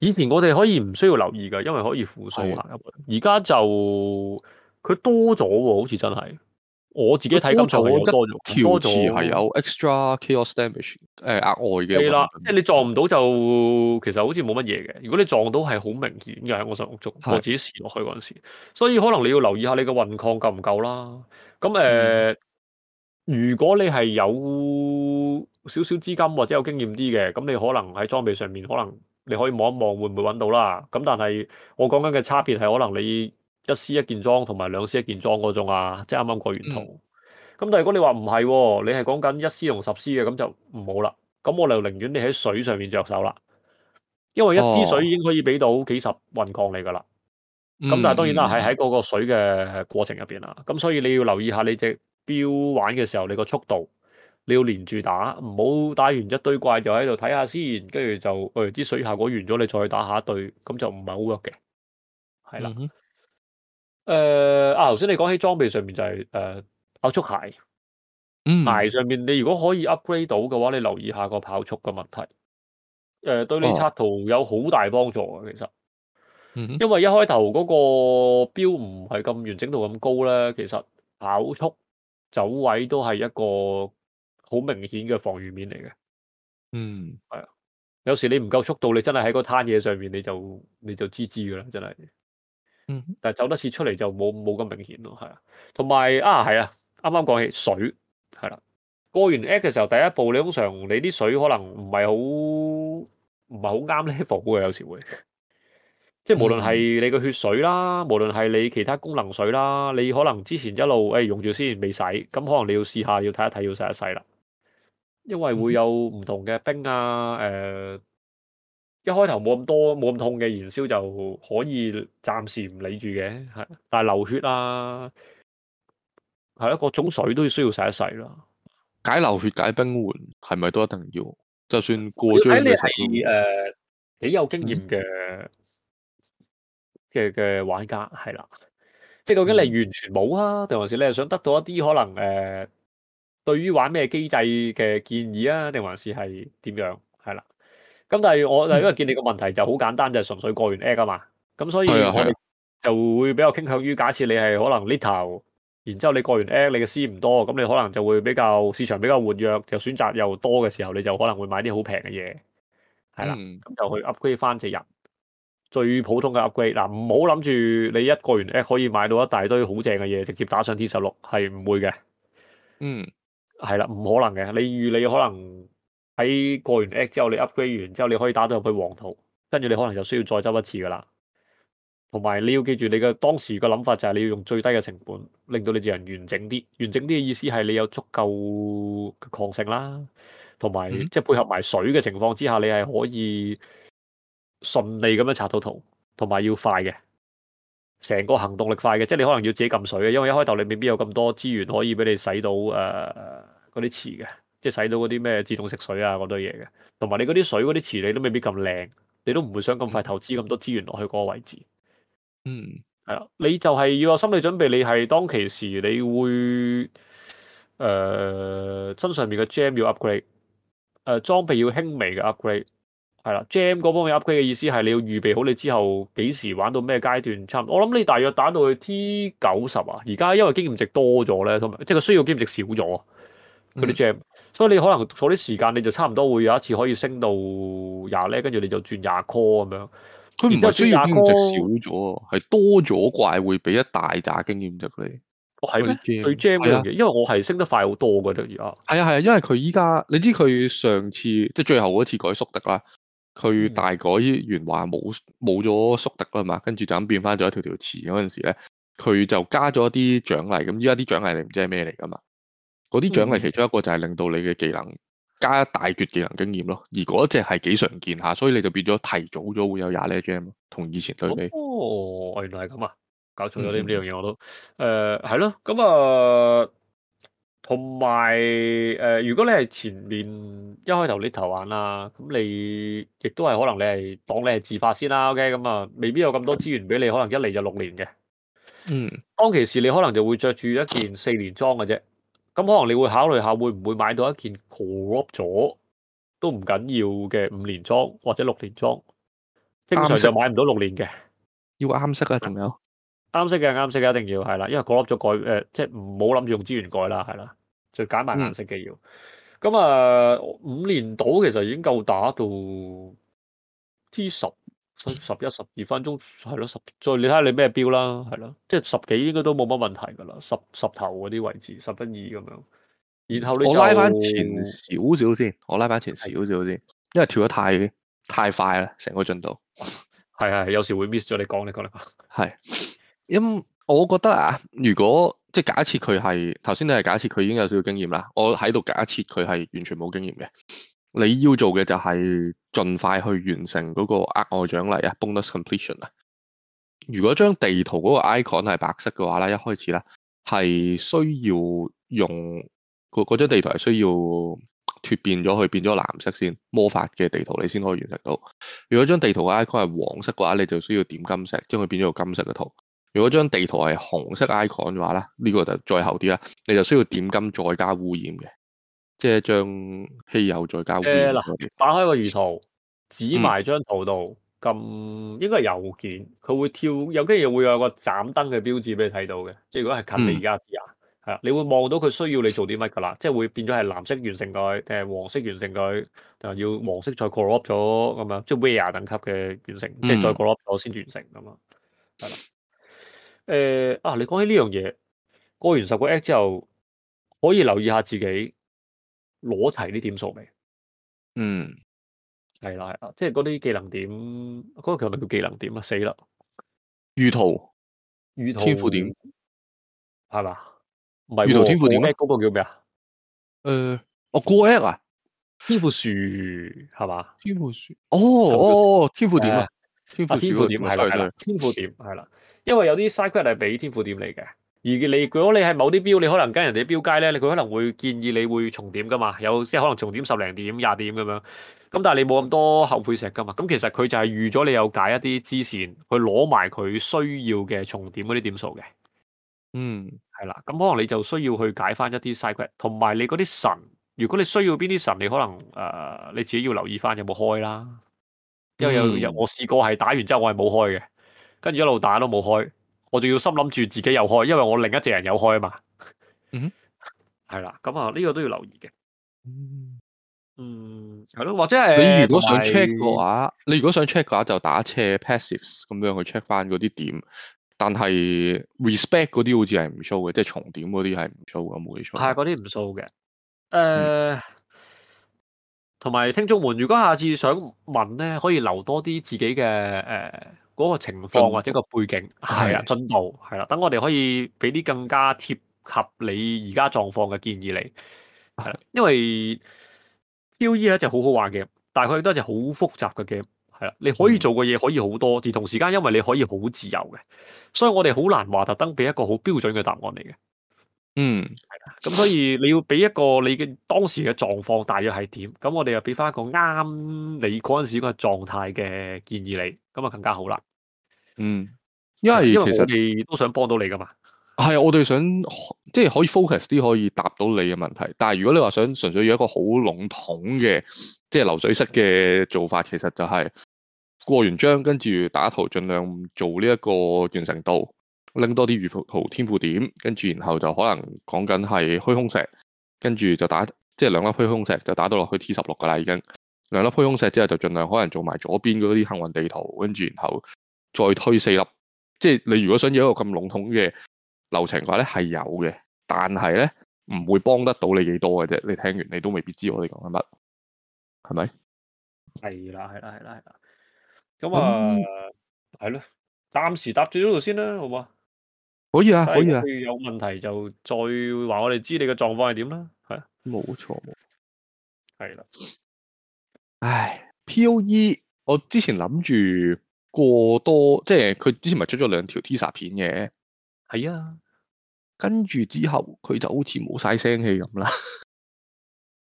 以前我哋可以唔需要留意㗎，因為可以負數。而家就佢多咗喎，好似真係我自己睇緊，數我多咗，多咗係有 extra chaos damage，誒、呃、額外嘅。啦，即係你撞唔到就其實好似冇乜嘢嘅。如果你撞到係好明顯嘅，喺我心目中，我自己試落去嗰陣時，所以可能你要留意下你嘅運礦夠唔夠啦。咁誒、呃嗯，如果你係有少少資金或者有經驗啲嘅，咁你可能喺裝備上面可能。你可以望一望會唔會揾到啦，咁但係我講緊嘅差別係可能你一絲一件裝同埋兩絲一件裝嗰種啊，即係啱啱過完圖。咁、嗯、但係如果你話唔係，你係講緊一絲同十絲嘅，咁就唔好啦。咁我就寧願你喺水上面着手啦，因為一支水已經可以俾到幾十運抗你噶啦。咁、哦嗯、但係當然啦係喺嗰個水嘅過程入邊啦。咁所以你要留意下你隻錶玩嘅時候，你個速度。你要連住打，唔好打完一堆怪就喺度睇下先，跟住就，誒、哎、啲水效果完咗，你再去打下一對，咁就唔係好 work 嘅，係啦。誒，啊，頭先你講起裝備上面就係、是、誒、呃、跑速鞋、嗯，鞋上面你如果可以 upgrade 到嘅話，你留意下個跑速嘅問題，誒、呃、對你刷圖有好大幫助啊，其實、嗯，因為一開頭嗰個標唔係咁完整到咁高咧，其實跑速走位都係一個。好明顯嘅防禦面嚟嘅，嗯，係啊，有時你唔夠速度，你真係喺個攤嘢上面，你就你就滋滋噶啦，真係，嗯，但係走得試出嚟就冇冇咁明顯咯，係啊，同埋啊，係啊，啱啱講起水係啦，過完 X 嘅時候，第一步你通常你啲水可能唔係好唔係好啱 l e v 有時候會， *laughs* 即係無論係你個血水啦，無論係你其他功能水啦，你可能之前一路誒、哎、用住先未洗，咁可能你要試下要睇一睇要洗一洗啦。因為會有唔同嘅冰啊，誒、嗯呃，一開頭冇咁多冇咁痛嘅燃燒就可以暫時唔理住嘅，係，但係流血啊，係啊，各種水都要需要洗一洗啦。解流血、解冰緩係咪都一定要？就算過咗，你係誒幾有經驗嘅嘅嘅玩家係啦，即係究竟你完全冇啊，定、嗯、還是你係想得到一啲可能誒？呃對於玩咩機制嘅建議啊，定還是係點樣？係啦，咁但係我、嗯，因為見你個問題就好簡單，就係、是、純粹過完 A 噶嘛。咁所以我哋就會比較傾向於假設你係可能 little，然之後你過完 A，你嘅 C 唔多，咁你可能就會比較市場比較活躍，就選擇又多嘅時候，你就可能會買啲好平嘅嘢。係啦，咁、嗯、就去 upgrade 翻隻人。最普通嘅 upgrade 嗱，唔好諗住你一過完 A 可以買到一大堆好正嘅嘢，直接打上 T 十六係唔會嘅。嗯。係啦，唔可能嘅。你預你可能喺過完 act 之後，你 upgrade 完之後，你可以打到入去黃圖，跟住你可能就需要再執一次噶啦。同埋你要記住，你嘅當時嘅諗法就係你要用最低嘅成本，令到你自人完整啲。完整啲嘅意思係你有足夠嘅抗性啦，同埋即係配合埋水嘅情況之下，你係可以順利咁樣刷到圖，同埋要快嘅。成個行動力快嘅，即係你可能要自己撳水嘅，因為一開頭你未必有咁多資源可以俾你洗到誒嗰啲池嘅，即係洗到嗰啲咩自動食水啊嗰堆嘢嘅，同埋你嗰啲水嗰啲池你都未必咁靚，你都唔會想咁快投資咁多資源落去嗰個位置。嗯，係啦，你就係要有心理準備，你係當其時你會誒、呃、身上面嘅 gem 要 upgrade，誒、呃、裝備要輕微嘅 upgrade。係啦，gem 嗰方面 up 嘅意思係你要預備好你之後幾時玩到咩階段，差唔多。我諗你大約打到去 T 九十啊，而家因為經驗值多咗咧，同埋即係佢需要經驗值少咗嗰啲 gem，所以你可能坐啲時間你就差唔多會有一次可以升到廿咧，跟住你就轉廿 call 咁樣。佢唔係需要經驗值少咗啊，係多咗怪會俾一大紮經驗值，經驗值你。我、哦、係對 gem 嘢，因為我係升得快好多噶啫而家。係啊係啊，因為佢依家你知佢上次即係最後嗰次改速的啦。佢大改原話冇冇咗縮突啦嘛，跟住就咁變翻咗一條條池嗰陣時咧，佢就加咗一啲獎勵，咁依家啲獎勵你唔知係咩嚟噶嘛？嗰啲獎勵其中一個就係令到你嘅技能加一大奪技能經驗咯，而嗰一隻係幾常見下，所以你就變咗提早咗會有廿粒 gem，同以前對比。哦，哦原來係咁啊，搞錯咗呢呢樣嘢我都，誒係咯，咁啊。同埋誒，如果你係前面一開頭拎頭硬啊，咁你亦都係可能你係當你係自發先啦。O K。咁啊，未必有咁多資源俾你，可能一嚟就六年嘅。嗯，當其時你可能就會著住一件四年裝嘅啫。咁可能你會考慮下會唔會買到一件 corrupt 咗都唔緊要嘅五年裝或者六年裝，通常就買唔到六年嘅。要啱色啊，仲有啱色嘅啱色嘅一定要係啦，因為 corrupt 咗改誒，即係唔好諗住用資源改啦，係啦。就解埋顏色嘅要，咁、嗯、啊五年倒其實已經夠打到 T 十十一十二分鐘係咯，十再你睇下你咩標啦，係咯，即係十幾應該都冇乜問題㗎啦，十十頭嗰啲位置十分二咁樣。然後你拉翻前少少先，我拉翻前少少先，因為跳得太太快啦，成個進度。係啊，有時會 miss 咗你講你講你講。係、那個，因我覺得啊，如果即係假設佢係，頭先你係假設佢已經有少少經驗啦。我喺度假設佢係完全冇經驗嘅。你要做嘅就係盡快去完成嗰個額外獎勵啊，bonus completion 啊。如果張地圖嗰個 icon 係白色嘅話咧，一開始咧係需要用嗰嗰張地圖係需要脫變咗去變咗藍色先，魔法嘅地圖你先可以完成到。如果張地圖嘅 icon 係黃色嘅話，你就需要點金石將佢變咗個金色嘅圖。如果張地圖係紅色 icon 嘅話咧，呢、這個就再後啲啦，你就需要點金再加污染嘅，即係將稀有再加，污染。打、嗯嗯、開個魚圖，指埋張圖度，撳應該係右鍵，佢會跳，有機會會有個斬燈嘅標誌俾你睇到嘅，即係如果係近你而家、嗯，係啦，你會望到佢需要你做啲乜噶啦，即係會變咗係藍色完成佢，定黃色完成佢，就要黃色再 corrupt 咗咁樣，即係 w h r 等級嘅完成，即係再 corrupt 咗先完成咁啊。嗯。誒、嗯、啊！你講起呢樣嘢，過完十個 act 之後，可以留意下自己攞齊啲點數未？嗯，係啦係啦，即係嗰啲技能點，嗰、嗰個叫咩叫技能點啊？死啦！預圖，預圖天賦點係嘛？唔係預圖天賦點咩？嗰個叫咩啊？誒、呃，我、哦、過 act 啊，天賦樹係嘛？天賦樹，哦、那個、哦，天賦點啊！啊天賦點係啦，天賦點係啦，因為有啲 cycle 係俾天賦點嚟嘅，而你如果你係某啲標，你可能跟人哋標街咧，你佢可能會建議你會重點噶嘛，有即係可能重點十零點、廿點咁樣，咁但係你冇咁多後悔石噶嘛，咁其實佢就係預咗你有解一啲支線，去攞埋佢需要嘅重點嗰啲點數嘅，嗯，係啦，咁可能你就需要去解翻一啲 cycle，同埋你嗰啲神，如果你需要邊啲神，你可能誒、呃、你自己要留意翻有冇開啦。因為有有我試過，係打完之後我係冇開嘅，跟住一路打都冇開，我仲要心諗住自己有開，因為我另一隻人有開啊嘛。嗯，係啦，咁啊呢個都要留意嘅。嗯，係咯，或者係你如果想 check 嘅話，你如果想 check 嘅話就打車 passives 咁樣去 check 翻嗰啲點，但係 respect 嗰啲好似係唔 show 嘅，即係重點嗰啲係唔 show 嘅，冇錯。係嗰啲唔 show 嘅。誒。呃嗯同埋聽眾們，如果下次想問咧，可以多留多啲自己嘅誒嗰個情況或者個背景係啊，進度係啦，等我哋可以俾啲更加貼合你而家狀況嘅建議你。係，因為 POE 咧就好好玩嘅，但係佢都係一隻好複雜嘅 game。係你可以做嘅嘢可以好多，嗯，而同時間因為你可以好自由嘅，所以我哋好難話特登俾一個好標準嘅答案嚟嘅。嗯，係啦，咁所以你要俾一個你嘅當時嘅狀況大約係點，咁我哋又俾翻一個啱你嗰陣時個狀態嘅建議你，咁啊更加好啦。嗯，因為，因為其實你都想幫到你噶嘛。係啊，我哋想即係、就是、可以 focus 啲，可以答到你嘅問題。但係如果你話想純粹要一個好籠統嘅，即、就、係、是、流水式嘅做法，其實就係過完章跟住打圖，盡量做呢一個完成度。拎多啲預伏圖天賦點，跟住然後就可能講緊係虛空石，跟住就打即係兩粒虛空石就打到落去 T 十六噶啦已經，兩粒虛空石之後就盡量可能做埋左邊嗰啲幸運地圖，跟住然後再推四粒，即係你如果想要一個咁籠統嘅流程嘅話咧係有嘅，但係咧唔會幫得到你幾多嘅啫，你聽完你都未必知我哋講緊乜，係咪？係啦係啦係啦係啦，咁啊係咯，嗯，暫時搭住呢度先啦，好唔好啊？可以啊，可以啊。有問題就再話我哋知你嘅狀況係點啦，係啊，冇錯，冇錯，係啦。唉，POE，我之前諗住過多，即係佢之前咪出咗兩條 T S A 片嘅，係啊。跟住之後佢就好似冇晒聲氣咁啦，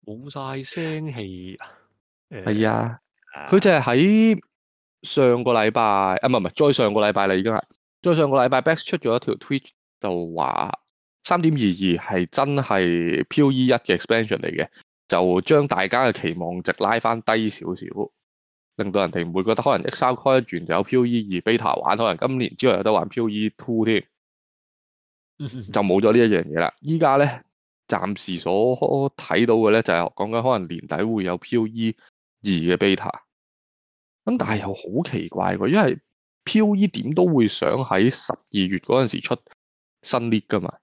冇晒聲氣啊，係啊，佢、呃、就係喺上個禮拜啊，唔係唔係再上個禮拜啦，已經係。再上個禮拜，Bex 出咗一條推就話三點二二係真係 POE 一嘅 expansion 嚟嘅，就將大家嘅期望值拉翻低少少，令到人哋唔會覺得可能 X3 r 一完就有 POE 二 beta 玩，可能今年之後 POE2，有得玩 POE two 添，就冇咗呢一樣嘢啦。依家咧暫時所睇到嘅咧就係講緊可能年底會有 POE 二嘅 beta，咁但係又好奇怪喎，因為 P.O.E 點都會想喺十二月嗰陣時出新 league 㗎嘛？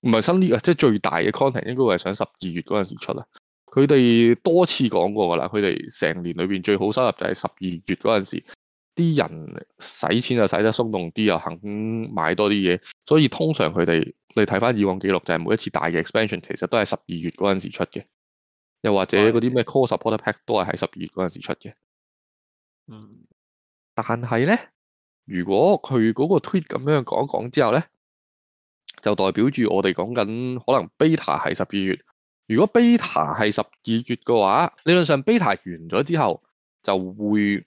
唔係新 league 啊，即係最大嘅 content 應該係想十二月嗰陣時出啊。佢哋多次講過㗎啦，佢哋成年裏邊最好收入就係十二月嗰陣時，啲人使錢又使得鬆動啲，啊，肯買多啲嘢，所以通常佢哋你睇翻以往記錄就係每一次大嘅 expansion 其實都係十二月嗰陣時出嘅，又或者嗰啲咩 call support pack 都係喺十二月嗰陣時出嘅。嗯。但係咧，如果佢嗰個 tweet 咁樣講一講之後咧，就代表住我哋講緊可能 beta 係十二月。如果 beta 係十二月嘅話，理論上 beta 完咗之後就會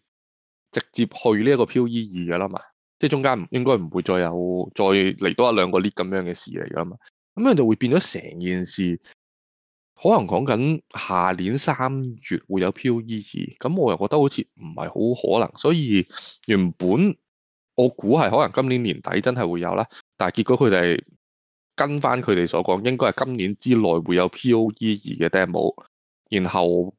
直接去呢一個 POE 二嘅啦嘛，即係中間唔應該唔會再有再嚟多一兩個 lead 咁樣嘅事嚟噶嘛。咁樣就會變咗成件事。可能講緊下年三月會有 POE 二，咁我又覺得好似唔係好可能，所以原本我估係可能今年年底真係會有啦，但係結果佢哋跟翻佢哋所講，應該係今年之內會有 POE 二嘅 Demo。然後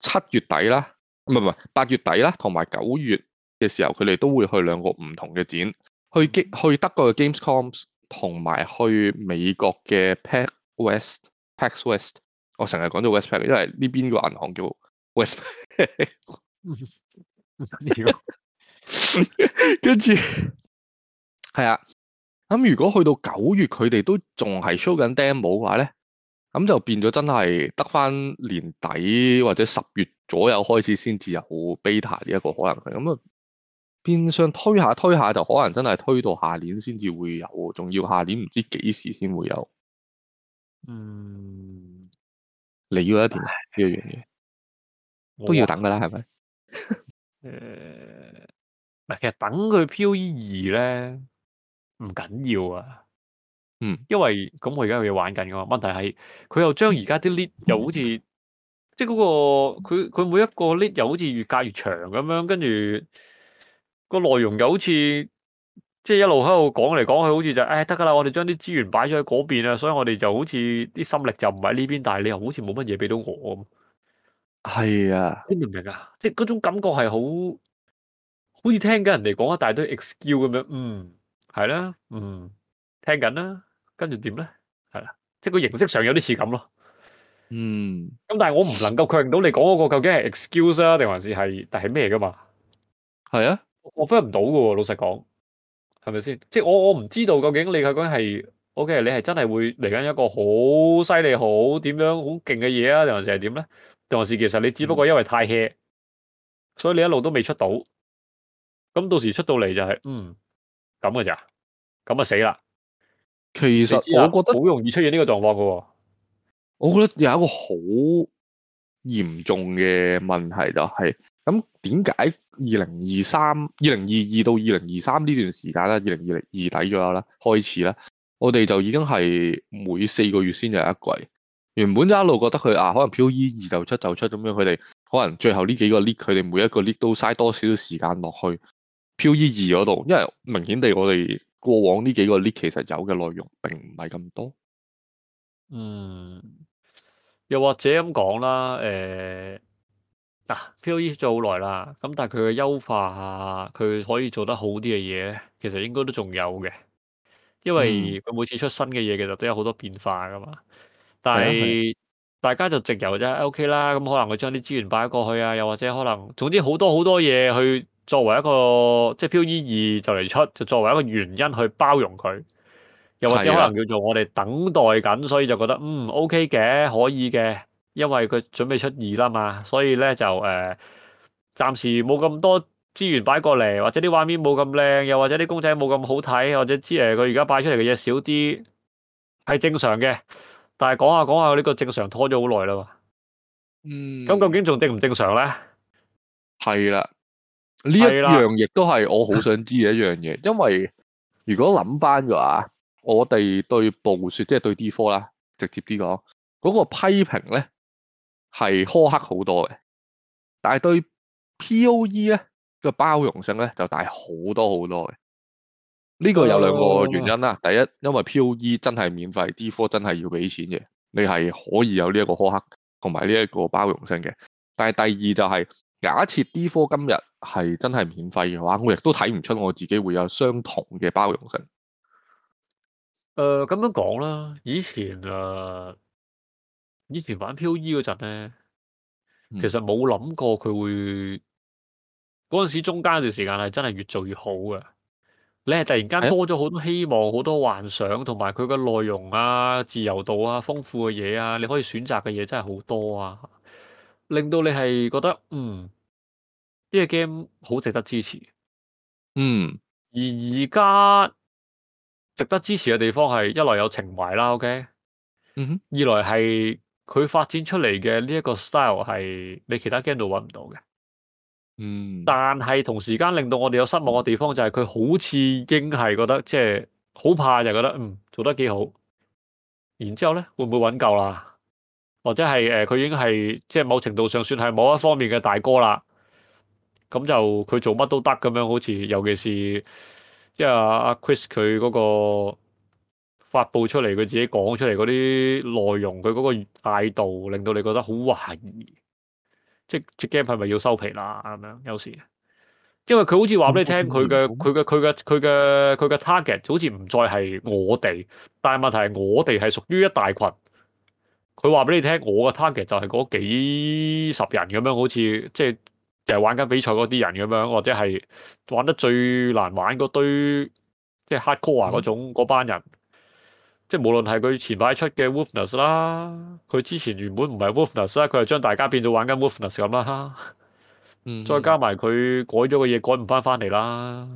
七月底啦，唔係唔係八月底啦，同埋九月嘅時候，佢哋都會去兩個唔同嘅展去，去去德國嘅 Gamescom 同埋去美國嘅 PAX West。Pax West，我成日講到 Westpac，因為呢邊個銀行叫 Westpac 跟住係啊，咁如果去到九月，佢哋都仲係 show 緊 demo 嘅話咧，咁就變咗真係得翻年底或者十月左右開始先至有 beta 呢一個可能。咁啊，變相推下推下就可能真係推到下年先至會有，仲要下年唔知幾時先會有。嗯，你要一段呢樣嘢，都要等噶啦，係咪？誒，唔、呃、其實等佢 POE2 咧唔緊要啊。嗯，因為咁我而家要玩緊噶嘛。問題係佢又將而家啲 lead 又好似、嗯，即係、那、嗰個佢佢每一個 lead 又好似越隔越長咁樣，跟住個內容又好似。即係一路喺度講嚟講去，好似就誒得噶啦，我哋將啲資源擺咗喺嗰邊啊，所以我哋就好似啲心力就唔喺呢邊，但係你又好似冇乜嘢俾到我咁。係啊，明唔明啊？即係嗰種感覺係好好似聽緊人哋講一大堆 excuse 咁樣，嗯，係啦，嗯，聽緊啦，跟住點咧？係啦，即係個形式上有啲似咁咯。嗯，咁但係我唔能夠確認到你講嗰個究竟係 excuse 啊，定還是係但係咩噶嘛？係啊，我，我分唔到噶喎，老實講。係咪先？即係我我唔知道究竟你究竟係 O.K.，你係真係會嚟緊一個好犀利、好點樣、好勁嘅嘢啊？定還是係點咧？定還是其實你只不過因為太 hea、嗯、所以你一路都未出到。咁到時出到嚟就係、是、嗯咁嘅咋？咁啊死啦！其實我覺得好容易出現呢個狀況噶。我覺得有一個好嚴重嘅問題就係，咁點解二零二三、二零二二到二零二三呢段時間咧，二零二二底左右啦，開始咧，我哋就已經係每四個月先有一季。原本一路覺得佢啊，可能 POE 二就出就出咁樣，佢哋可能最後呢幾個 league，佢哋每一個 league 都嘥多少少時間落去 POE 二嗰度，因為明顯地我哋過往呢幾個 league 其實有嘅內容並唔係咁多。嗯。又或者咁講啦，誒嗱，POE 做咗好耐啦，咁但係佢嘅優化，佢可以做得好啲嘅嘢，其實應該都仲有嘅，因為佢每次出新嘅嘢，其實都有好多變化噶嘛。但係大家就直由啫，O.K. 啦，咁可能佢將啲資源擺過去啊，又或者可能，總之好多好多嘢去作為一個，即係 POE 二就嚟、是、出，就作為一個原因去包容佢。又或者可能叫做我哋等待緊，所以就覺得嗯 O K 嘅，可以嘅，因為佢準備出二啦嘛，所以咧就誒暫、呃、時冇咁多資源擺過嚟，或者啲畫面冇咁靚，又或者啲公仔冇咁好睇，或者知誒佢而家擺出嚟嘅嘢少啲，係正常嘅。但係講下講下呢個正常拖咗好耐啦嘛。嗯。咁究竟仲正唔正常咧？係啦，呢一樣亦都係我好想知嘅一樣嘢，因為如果諗翻嘅話。我哋對暴雪即係、就是、對 D 科啦，直接啲講，嗰、那個批評咧係苛刻好多嘅，但係對 P.O.E 咧個包容性咧就大好多好多嘅。呢、這個有兩個原因啦。Hello. 第一，因為 P.O.E 真係免費，D 科真係要俾錢嘅，你係可以有呢一個苛刻同埋呢一個包容性嘅。但係第二就係、是、假設 D 科今日係真係免費嘅話，我亦都睇唔出我自己會有相同嘅包容性。誒、呃，咁樣講啦，以前誒、呃，以前玩 POE 嗰陣咧，其實冇諗過佢會，嗰、嗯、陣時中間段時間係真係越做越好嘅。你係突然間多咗好多希望，好、哎、多幻想，同埋佢嘅內容啊、自由度啊、豐富嘅嘢啊，你可以選擇嘅嘢真係好多啊，令到你係覺得嗯，呢、這個 game 好值得支持。嗯，而而家。值得支持嘅地方係一來有情懷啦，OK，嗯、二來係佢發展出嚟嘅呢一個 style 係你其他 game 度搵唔到嘅，嗯。但係同時間令到我哋有失望嘅地方就係佢好似已經係覺得即係好怕就係、是、覺得嗯，做得幾好，然之後咧，會唔會搵夠啦？或者係誒佢已經係即係某程度上算係某一方面嘅大哥啦，咁就佢做乜都得咁樣，好似尤其是。即係阿 Chris 佢嗰個發佈出嚟，佢自己講出嚟嗰啲內容，佢嗰個態度令到你覺得好懷疑，即係隻 game 係咪要收皮啦咁樣？有時，因為佢好似話俾你聽，佢嘅佢嘅佢嘅佢嘅佢嘅 target 好似唔再係我哋，但係問題係我哋係屬於一大群，佢話俾你聽，我嘅 target 就係嗰幾十人咁樣，好似即係。就係玩緊比賽嗰啲人咁樣，或者係玩得最難玩嗰堆，即係 hardcore 嗰種嗰、嗯、班人，即係無論係佢前排出嘅 Ruthless 啦，佢之前原本唔係 Ruthless 啦，佢就將大家變咗玩緊 Ruthless 咁啦。再加埋佢改咗嘅嘢，改唔翻翻嚟啦。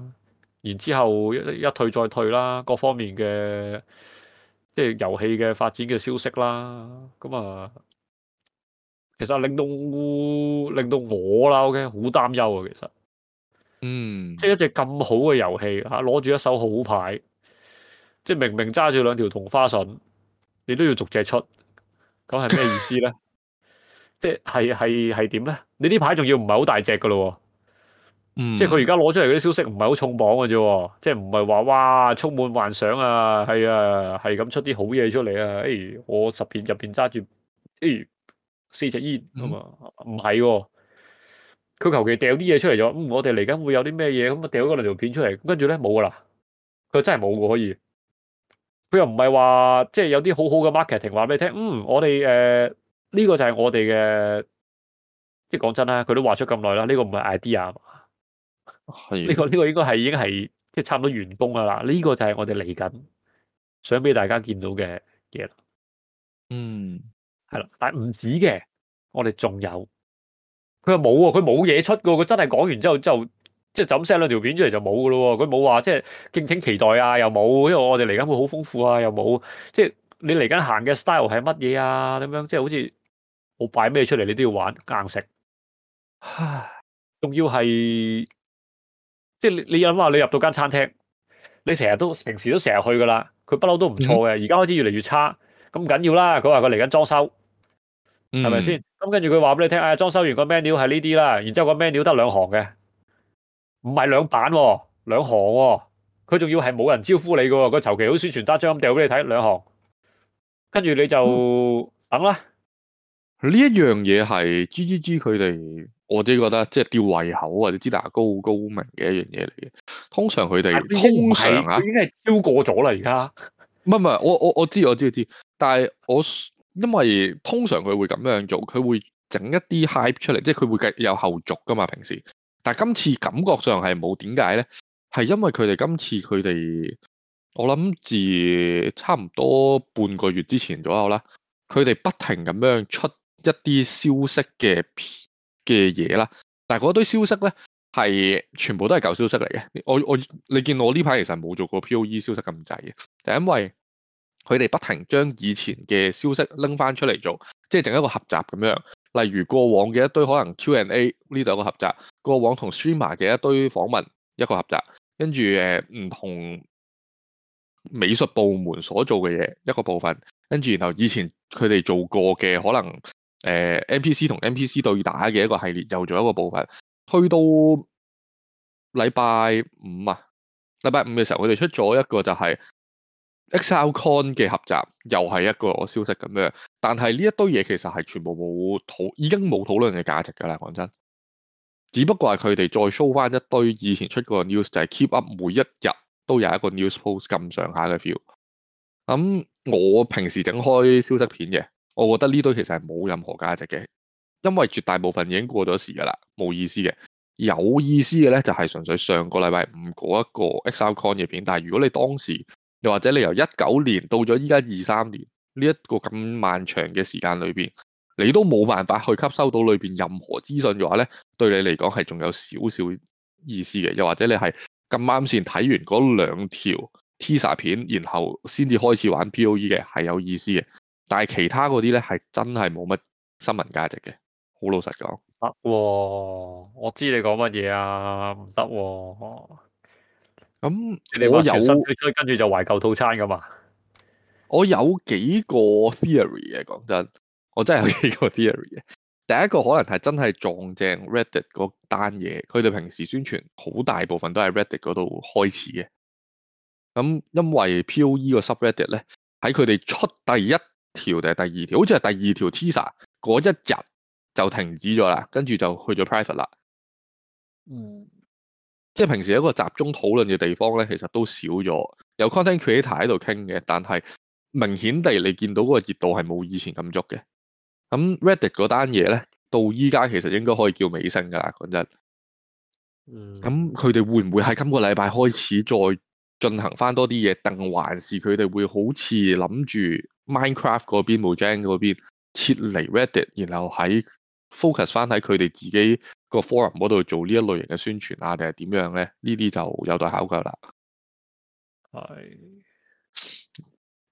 然之後一,一退再退啦，各方面嘅即係遊戲嘅發展嘅消息啦。咁啊～其實令到令到我啦，OK，好擔憂啊！其實，嗯，即係一隻咁好嘅遊戲，吓攞住一手好，好牌，即係明明揸住兩條同花順，你都要逐隻出，咁係咩意思咧、 *laughs* 嗯？即係係係點咧？你呢排仲要唔係好大隻噶咯？即係佢而家攞出嚟嗰啲消息唔係好重磅嘅啫，即係唔係話哇充滿幻想啊，係啊，係咁出啲好嘢出嚟啊！例、啊欸、我十片入邊揸住，例、欸四隻煙咁啊，唔係喎。佢求其掉啲嘢出嚟咗。嗯，我哋嚟緊會有啲咩嘢？咁啊，掉一個條片出嚟，跟住咧冇噶啦。佢真係冇噶，可以。佢又唔係話即係有啲好好嘅 marketing 話俾你聽，嗯，我哋誒呢個就係我哋嘅，即係講真啦，佢都話出咁耐啦，呢個唔係 idea 係。呢個呢個應該係已經係即係差唔多完工噶啦。呢個就係我哋嚟緊想俾大家見到嘅嘢啦。嗯。係啦，但係唔止嘅，我哋仲有佢話冇喎，佢冇嘢出噶，佢真係講完之後就即係就咁 send 兩條片出嚟就冇噶咯，佢冇話即係敬請期待啊，又冇，因為我哋嚟緊會好豐富啊，又冇，即係你嚟緊行嘅 style 係乜嘢啊？咁樣即係好似我擺咩出嚟，你都要玩硬食，唉，仲要係即係你你諗下，你入到間餐廳，你成日都平時都成日去噶啦，佢不嬲都唔錯嘅，而家開始越嚟越差，咁唔緊要啦，佢話佢嚟緊裝修。係咪先？咁跟住佢話俾你聽，哎，裝修完個 menu 係呢啲啦，然之後個 menu 得兩行嘅，唔係兩版喎，兩行喎。佢仲要係冇人招呼你嘅，佢求其好宣傳單張咁掉俾你睇，兩行。跟住你就等啦。呢、嗯、一樣嘢，係 G G G 佢哋，我只覺得即係吊胃口或者知大高高明嘅一樣嘢嚟嘅。通常佢哋通常啊，已經係超過咗啦，而家唔係唔係，我我我知我知我知，但係我。因為通常佢會咁樣做，佢會整一啲 hype 出嚟，即係佢會計有後續㗎嘛。平時，但係今次感覺上係冇點解咧？係因為佢哋今次佢哋，我諗住差唔多半個月之前左右啦，佢哋不停咁樣出一啲消息嘅嘅嘢啦。但係嗰堆消息咧係全部都係舊消息嚟嘅。我我你見我呢排其實冇做過 POE 消息咁滯嘅，就係因為。佢哋不停將以前嘅消息拎翻出嚟做，即係整一個合集咁樣。例如過往嘅一堆可能 Q&A 呢度有個合集，過往同 streamer 嘅一堆訪問一個合集，跟住誒唔同美術部門所做嘅嘢一個部分，跟住然後以前佢哋做過嘅可能誒 NPC 同 NPC 對打嘅一個系列又做一個部分。去到禮拜五啊，禮拜五嘅時候佢哋出咗一個就係、是。Excel Con 嘅合集又係一個消息咁樣的，但係呢一堆嘢其實係全部冇討，已經冇討論嘅價值噶啦，講真。只不過係佢哋再 show 翻一堆以前出過的 news，就係 keep up 每一日都有一個 news post 咁上下嘅 feel。咁、嗯、我平時整開消息片嘅，我覺得呢堆其實係冇任何價值嘅，因為絕大部分已經過咗時噶啦，冇意思嘅。有意思嘅咧就係、是、純粹上個禮拜五嗰一個 Excel Con 嘅片，但係如果你當時，又或者你由一九年到咗依家二三年呢一個咁漫長嘅時間裏邊，你都冇辦法去吸收到裏邊任何資訊嘅話咧，對你嚟講係仲有少少意思嘅。又或者你係咁啱先睇完嗰兩條 TSA 片，然後先至開始玩 POE 嘅，係有意思嘅。但係其他嗰啲咧係真係冇乜新聞價值嘅，好老實講，得喎？我知你講乜嘢啊？唔得喎。咁你我有跟住就懷舊套餐噶嘛？我有幾個 theory 嘅，講真，我真係有幾個 theory 嘅。第一個可能係真係撞正 Reddit 個單嘢，佢哋平時宣傳好大部分都係 Reddit 嗰度開始嘅。咁因為 POE 個 subreddit 咧，喺佢哋出第一條定係第二條，好似係第二條 teaser 嗰一日就停止咗啦，跟住就去咗 private 啦。嗯。即、就、係、是、平時一個集中討論嘅地方咧，其實都少咗有 content creator 喺度傾嘅，但係明顯地你見到嗰個熱度係冇以前咁足嘅。咁 Reddit 嗰單嘢咧，到依家其實應該可以叫尾聲㗎啦，講真。嗯。咁佢哋會唔會喺今個禮拜開始再進行翻多啲嘢？定還是佢哋會好似諗住 Minecraft 嗰邊、Mojang、嗯、嗰邊撤離 Reddit，然後喺 focus 翻喺佢哋自己嗰個 forum 嗰度做呢一類型嘅宣傳啊，定係點樣咧？呢啲就有待考究啦。係，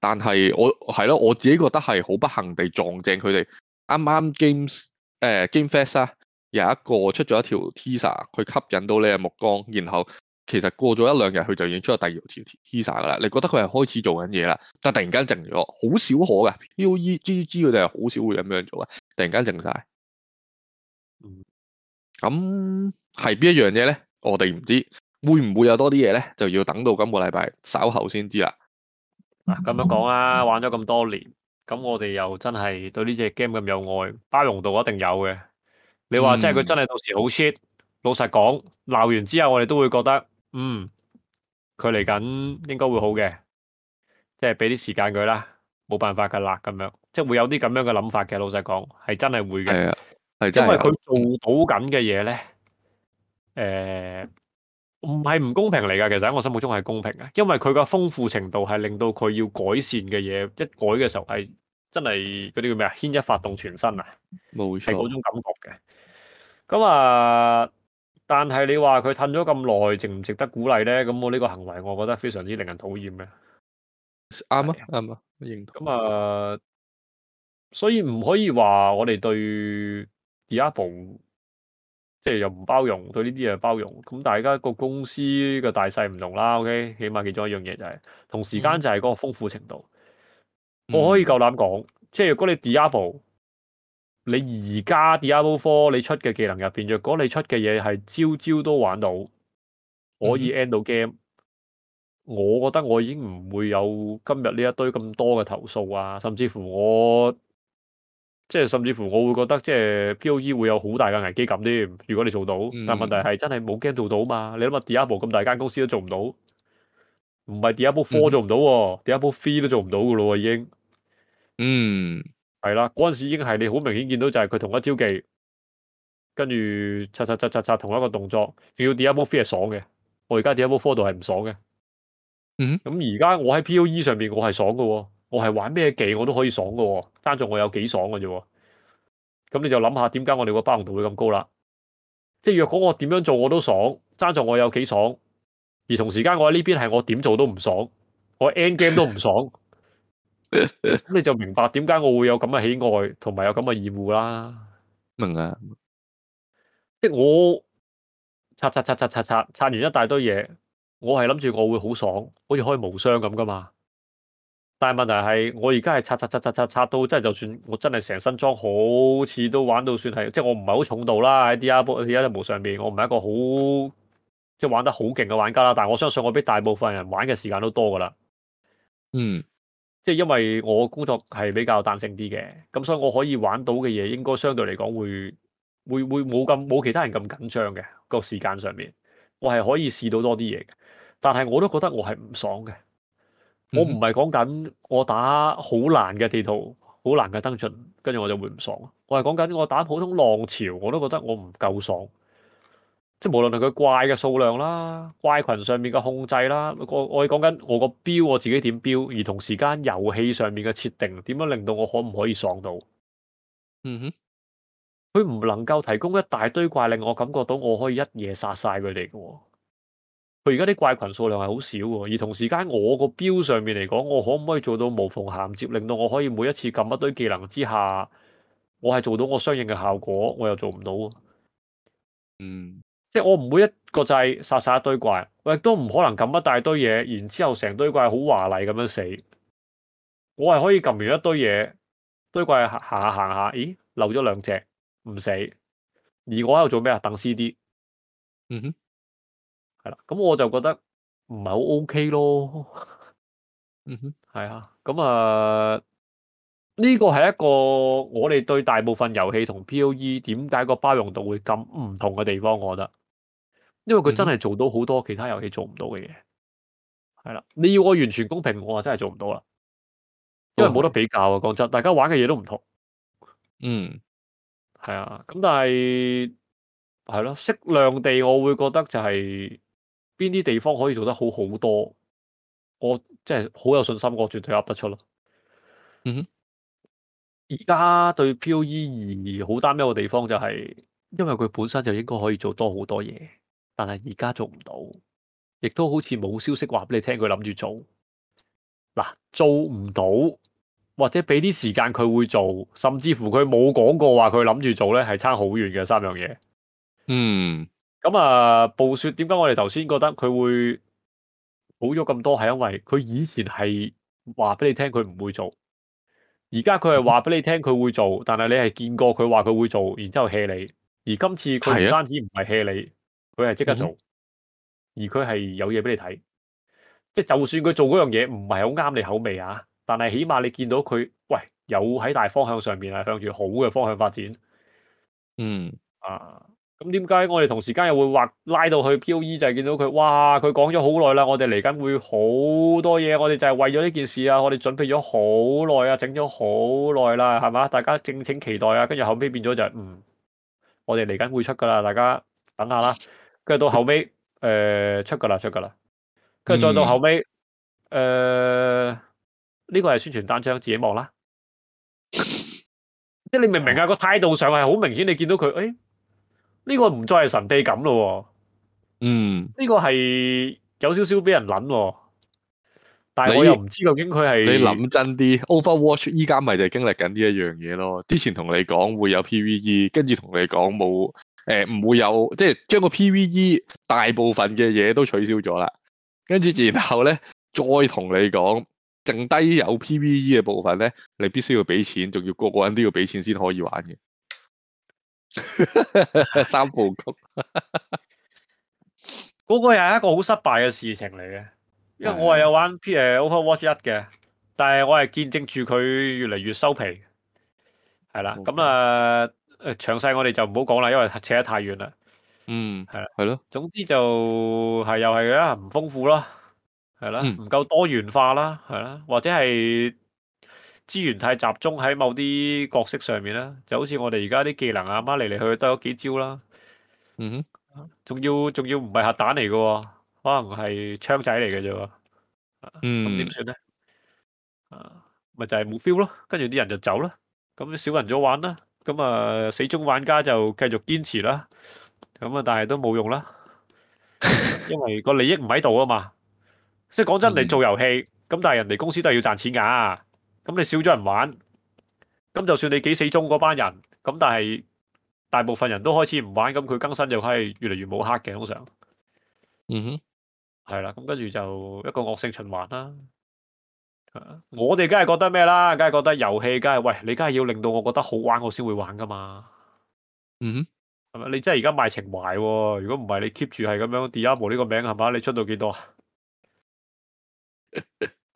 但係我係咯，我自己覺得係好不幸地撞正佢哋、欸。啱啱 Games 誒 Game Fest 啊，有一個出咗一條 teaser，佢吸引到你嘅目光，然後其實過咗一兩日，佢就已經出咗第二條 teaser 噶啦。你覺得佢係開始做緊嘢啦，但突然間靜咗，好少可噶。POE GGG 佢哋係好少會咁樣做嘅，突然間靜晒。咁係邊一樣嘢咧？我哋唔知會唔會有多啲嘢咧？就要等到今個禮拜稍後先知啦。嗱咁樣講啊，玩咗咁多年，咁我哋又真係對呢隻 game 咁有愛，包容度一定有嘅。你話即係佢真係到時好 shit，老實講鬧完之後，我哋都會覺得嗯，佢嚟緊應該會好嘅，即係俾啲時間佢啦，冇辦法噶啦咁樣，即係會有啲咁樣嘅諗法嘅。老實講係真係會嘅。因為佢做到緊嘅嘢咧，誒、唔係唔公平嚟噶，其實喺我心目中係公平嘅，因為佢個豐富程度係令到佢要改善嘅嘢，一改嘅時候係真係嗰啲叫咩啊，牽一髮動全身啊，冇錯，係嗰種感覺嘅。咁啊，但係你話佢褪咗咁耐，值唔值得鼓勵咧？咁我呢個行為，我覺得非常之令人討厭嘅。啱啊，啱啊，認同。咁啊，所以唔可以話我哋對。Diablo 即係又唔包容，對呢啲嘢，包容。咁大家個公司嘅大細唔同啦。OK，起碼其中一樣嘢就係、是、同時間就係嗰個豐富程度。嗯、我可以夠膽講，即係如果你 Diablo，你而家 Diablo 4你出嘅技能入邊，若果你出嘅嘢係朝朝都玩到，可以 end 到 game、嗯、我覺得我已經唔會有今日呢一堆咁多嘅投訴啊，甚至乎我。即係甚至乎我會覺得即係、就是、P.O.E 會有好大嘅危機感添。如果你做到，嗯、但係問題係真係冇 game 做到嘛？你諗下 Diablo 咁大間公司都做唔到，唔係 Diablo Four 做唔到，Diablo Three 都做唔到噶咯，已經。嗯，係啦，嗰陣時已經係你好明顯見到就係佢同一招技，跟住刷刷刷刷刷同一個動作，仲要 Diablo Three 係爽嘅，我而家 Diablo Four 度係唔爽嘅。咁而家我喺 P.O.E 上邊我係爽噶。我係玩咩技我都可以爽喎。爭在我有幾爽噶啫。咁你就諗下點解我哋個包容度會咁高啦。即係若果我點樣做我都爽，爭在我有幾爽。而同時間我喺呢邊係我點做都唔爽，我 end game 都唔爽。咁 *laughs* 你就明白點解我會有咁嘅喜愛同埋有咁嘅義務啦。明啊，即係我刷刷刷刷刷刷，刷完一大堆嘢，我係諗住我會好爽，好似開無雙咁噶嘛。但係問題係，我而家係刷刷刷刷刷刷到，即係就算我真係成身裝，好似都玩到算係，即係我唔係好重度啦喺 Diablo，而家無上邊，我唔係一個好即係玩得好勁嘅玩家啦。但係我相信我比大部分人玩嘅時間都多噶啦。嗯，即係因為我工作係比較彈性啲嘅，咁所以我可以玩到嘅嘢，應該相對嚟講會會會冇咁冇其他人咁緊張嘅個時間上面，我係可以試到多啲嘢嘅。但係我都覺得我係唔爽嘅。我唔係講緊我打好難嘅地圖，好難嘅登進，跟住我就會唔爽。我係講緊我打普通浪潮，我都覺得我唔夠爽。即係無論係佢怪嘅數量啦，怪群上面嘅控制啦，我我係講緊我個標，我自己點標，而同時間遊戲上面嘅設定，點樣令到我可唔可以爽到？嗯哼，佢唔能夠提供一大堆怪令我感覺到我可以一夜殺晒佢哋嘅。佢而家啲怪群數量係好少嘅，而同時間我個標上面嚟講，我可唔可以做到無縫銜接，令到我可以每一次撳一堆技能之下，我係做到我相應嘅效果，我又做唔到。嗯、mm.，即係我唔會一個掣殺殺一堆怪，我亦都唔可能撳一大堆嘢，然之後成堆怪好華麗咁樣死。我係可以撳完一堆嘢，堆怪行下行下，咦，漏咗兩隻唔死，而我喺度做咩啊？等 C D。嗯哼。係啦，咁我就覺得唔係好 OK 咯。嗯哼，Mm-hmm.，係啊，咁，呃，啊，呢個係一個我哋對大部分遊戲同 POE 點解個包容度會咁唔同嘅地方，我覺得，因為佢真係做到好多其他遊戲做唔到嘅嘢。係啦，Mm-hmm.，你要我完全公平，我啊真係做唔到啦，因為冇得比較啊。講真，大家玩嘅嘢都唔同。嗯，Mm-hmm.，係啊，咁但係係咯，適量地我會覺得就係。邊啲地方可以做得好好多？我即係好有信心，我絕對噏得出咯。嗯哼，而家對 POE 而言，好擔憂嘅地方就係，因為佢本身就應該可以做多好多嘢，但係而家做唔到，亦都好似冇消息話俾你聽佢諗住做。嗱，做唔到，或者俾啲時間佢會做，甚至乎佢冇講過話佢諗住做咧，係差好遠嘅三樣嘢。嗯。咁啊，暴雪點解我哋頭先覺得佢會好咗咁多，係因為佢以前係話俾你聽佢唔會做，而家佢係話俾你聽佢會做，但係你係見過佢話佢會做，然之後棄你，而今次佢唔單止唔係棄你，佢係即刻做，嗯、而佢係有嘢俾你睇，即係就算佢做嗰樣嘢唔係好啱你口味啊，但係起碼你見到佢，喂，有喺大方向上面，係向住好嘅方向發展，嗯啊。咁點解我哋同時間又會話拉到去 POE 就係見到佢哇，佢講咗好耐啦，我哋嚟緊會好多嘢，我哋就係為咗呢件事啊，我哋準備咗好耐啊，整咗好耐啦，係嘛？大家敬請期待啊！跟住後屘變咗就係、嗯，我哋嚟緊會出噶啦，大家等下啦。跟住到後屘誒出噶啦，出噶啦。跟住再到後屘誒，呢、嗯呃這個係宣傳單張，自己望啦。即係你明唔明啊？個態度上係好明顯，你見到佢誒。呢、個唔再係神秘感咯，嗯，呢、個係有少少俾人諗，但係我又唔知究竟佢係你諗真啲。Overwatch 依家咪就係經歷緊呢一樣嘢咯。之前同你講會有 PVE，跟住同你講冇，誒、呃、唔會有，即係將個 PVE 大部分嘅嘢都取消咗啦。跟住然後咧，再同你講，剩低有 PVE 嘅部分咧，你必須要俾錢，仲要個個人都要俾錢先可以玩嘅。 *laughs* 三部曲， *laughs* 嗰 *laughs* 個又係一個好失敗嘅事情嚟嘅，因為我係有玩 P 誒 Over Watch 一嘅，但係我係見證住佢越嚟越收皮。係啦，咁啊，誒，詳細我哋就唔好講啦，因為扯得太遠啦。嗯，係啦，係咯，總之就係、是、又係啦，唔豐富咯，係、嗯、啦，唔夠多元化啦，係啦，或者係。資源太集中喺某啲角色上面啦，就好似我哋而家啲技能阿媽嚟嚟去去都有幾招啦。嗯，仲要仲要唔係核彈嚟嘅，可能係槍仔嚟嘅啫。嗯，咁點算咧？啊，咪就係冇 feel 咯。跟住啲人就走啦。咁少人咗玩啦。咁啊，死忠玩家就繼續堅持啦。咁啊，但係都冇用啦，因為個利益唔喺度啊嘛。即係講真，你做遊戲咁，但係人哋公司都係要賺錢噶。咁你少咗人玩，咁就算你幾死忠嗰班人，咁但係大部分人都開始唔玩，咁佢更新就係越嚟越冇黑嘅通常。嗯、mm、哼 -hmm.，係啦，咁跟住就一個惡性循環啦。Mm -hmm. 我哋梗係覺得咩啦？梗係覺得遊戲梗係，喂，你梗係要令到我覺得好玩，我先會玩噶嘛。嗯哼，係咪？你真係而家賣情懷，啊？如果唔係，你 keep 住係咁樣 Diablo 呢個名係嘛？你出到幾多啊？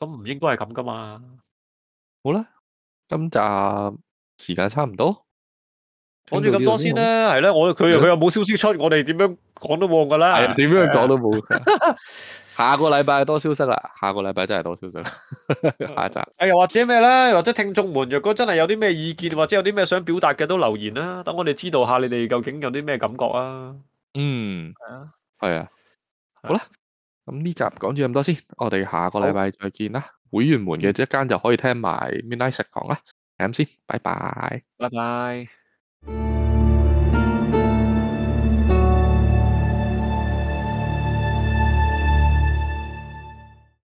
咁 *laughs* 唔應該係咁噶嘛？好啦，今集時間差唔多，講住咁多先啦，啊，係啦，我佢佢又冇消息出，我哋點樣講都冇噶啦，點樣講都冇。 *laughs* 下個禮拜多消息啦，下個禮拜真係多消息啦， *laughs* 下一集。誒，哎，或者咩咧？或者聽眾們，若果真係有啲咩意見，或者有啲咩想表達嘅，都留言啦，等我哋知道下你哋究竟有啲咩感覺啊。嗯，係啊，係啊。好啦，咁呢集講住咁多先，我哋下個禮拜再見啦。會員們嘅一間就可以聽埋 Midnight 食講啦，咁先，拜拜，拜拜。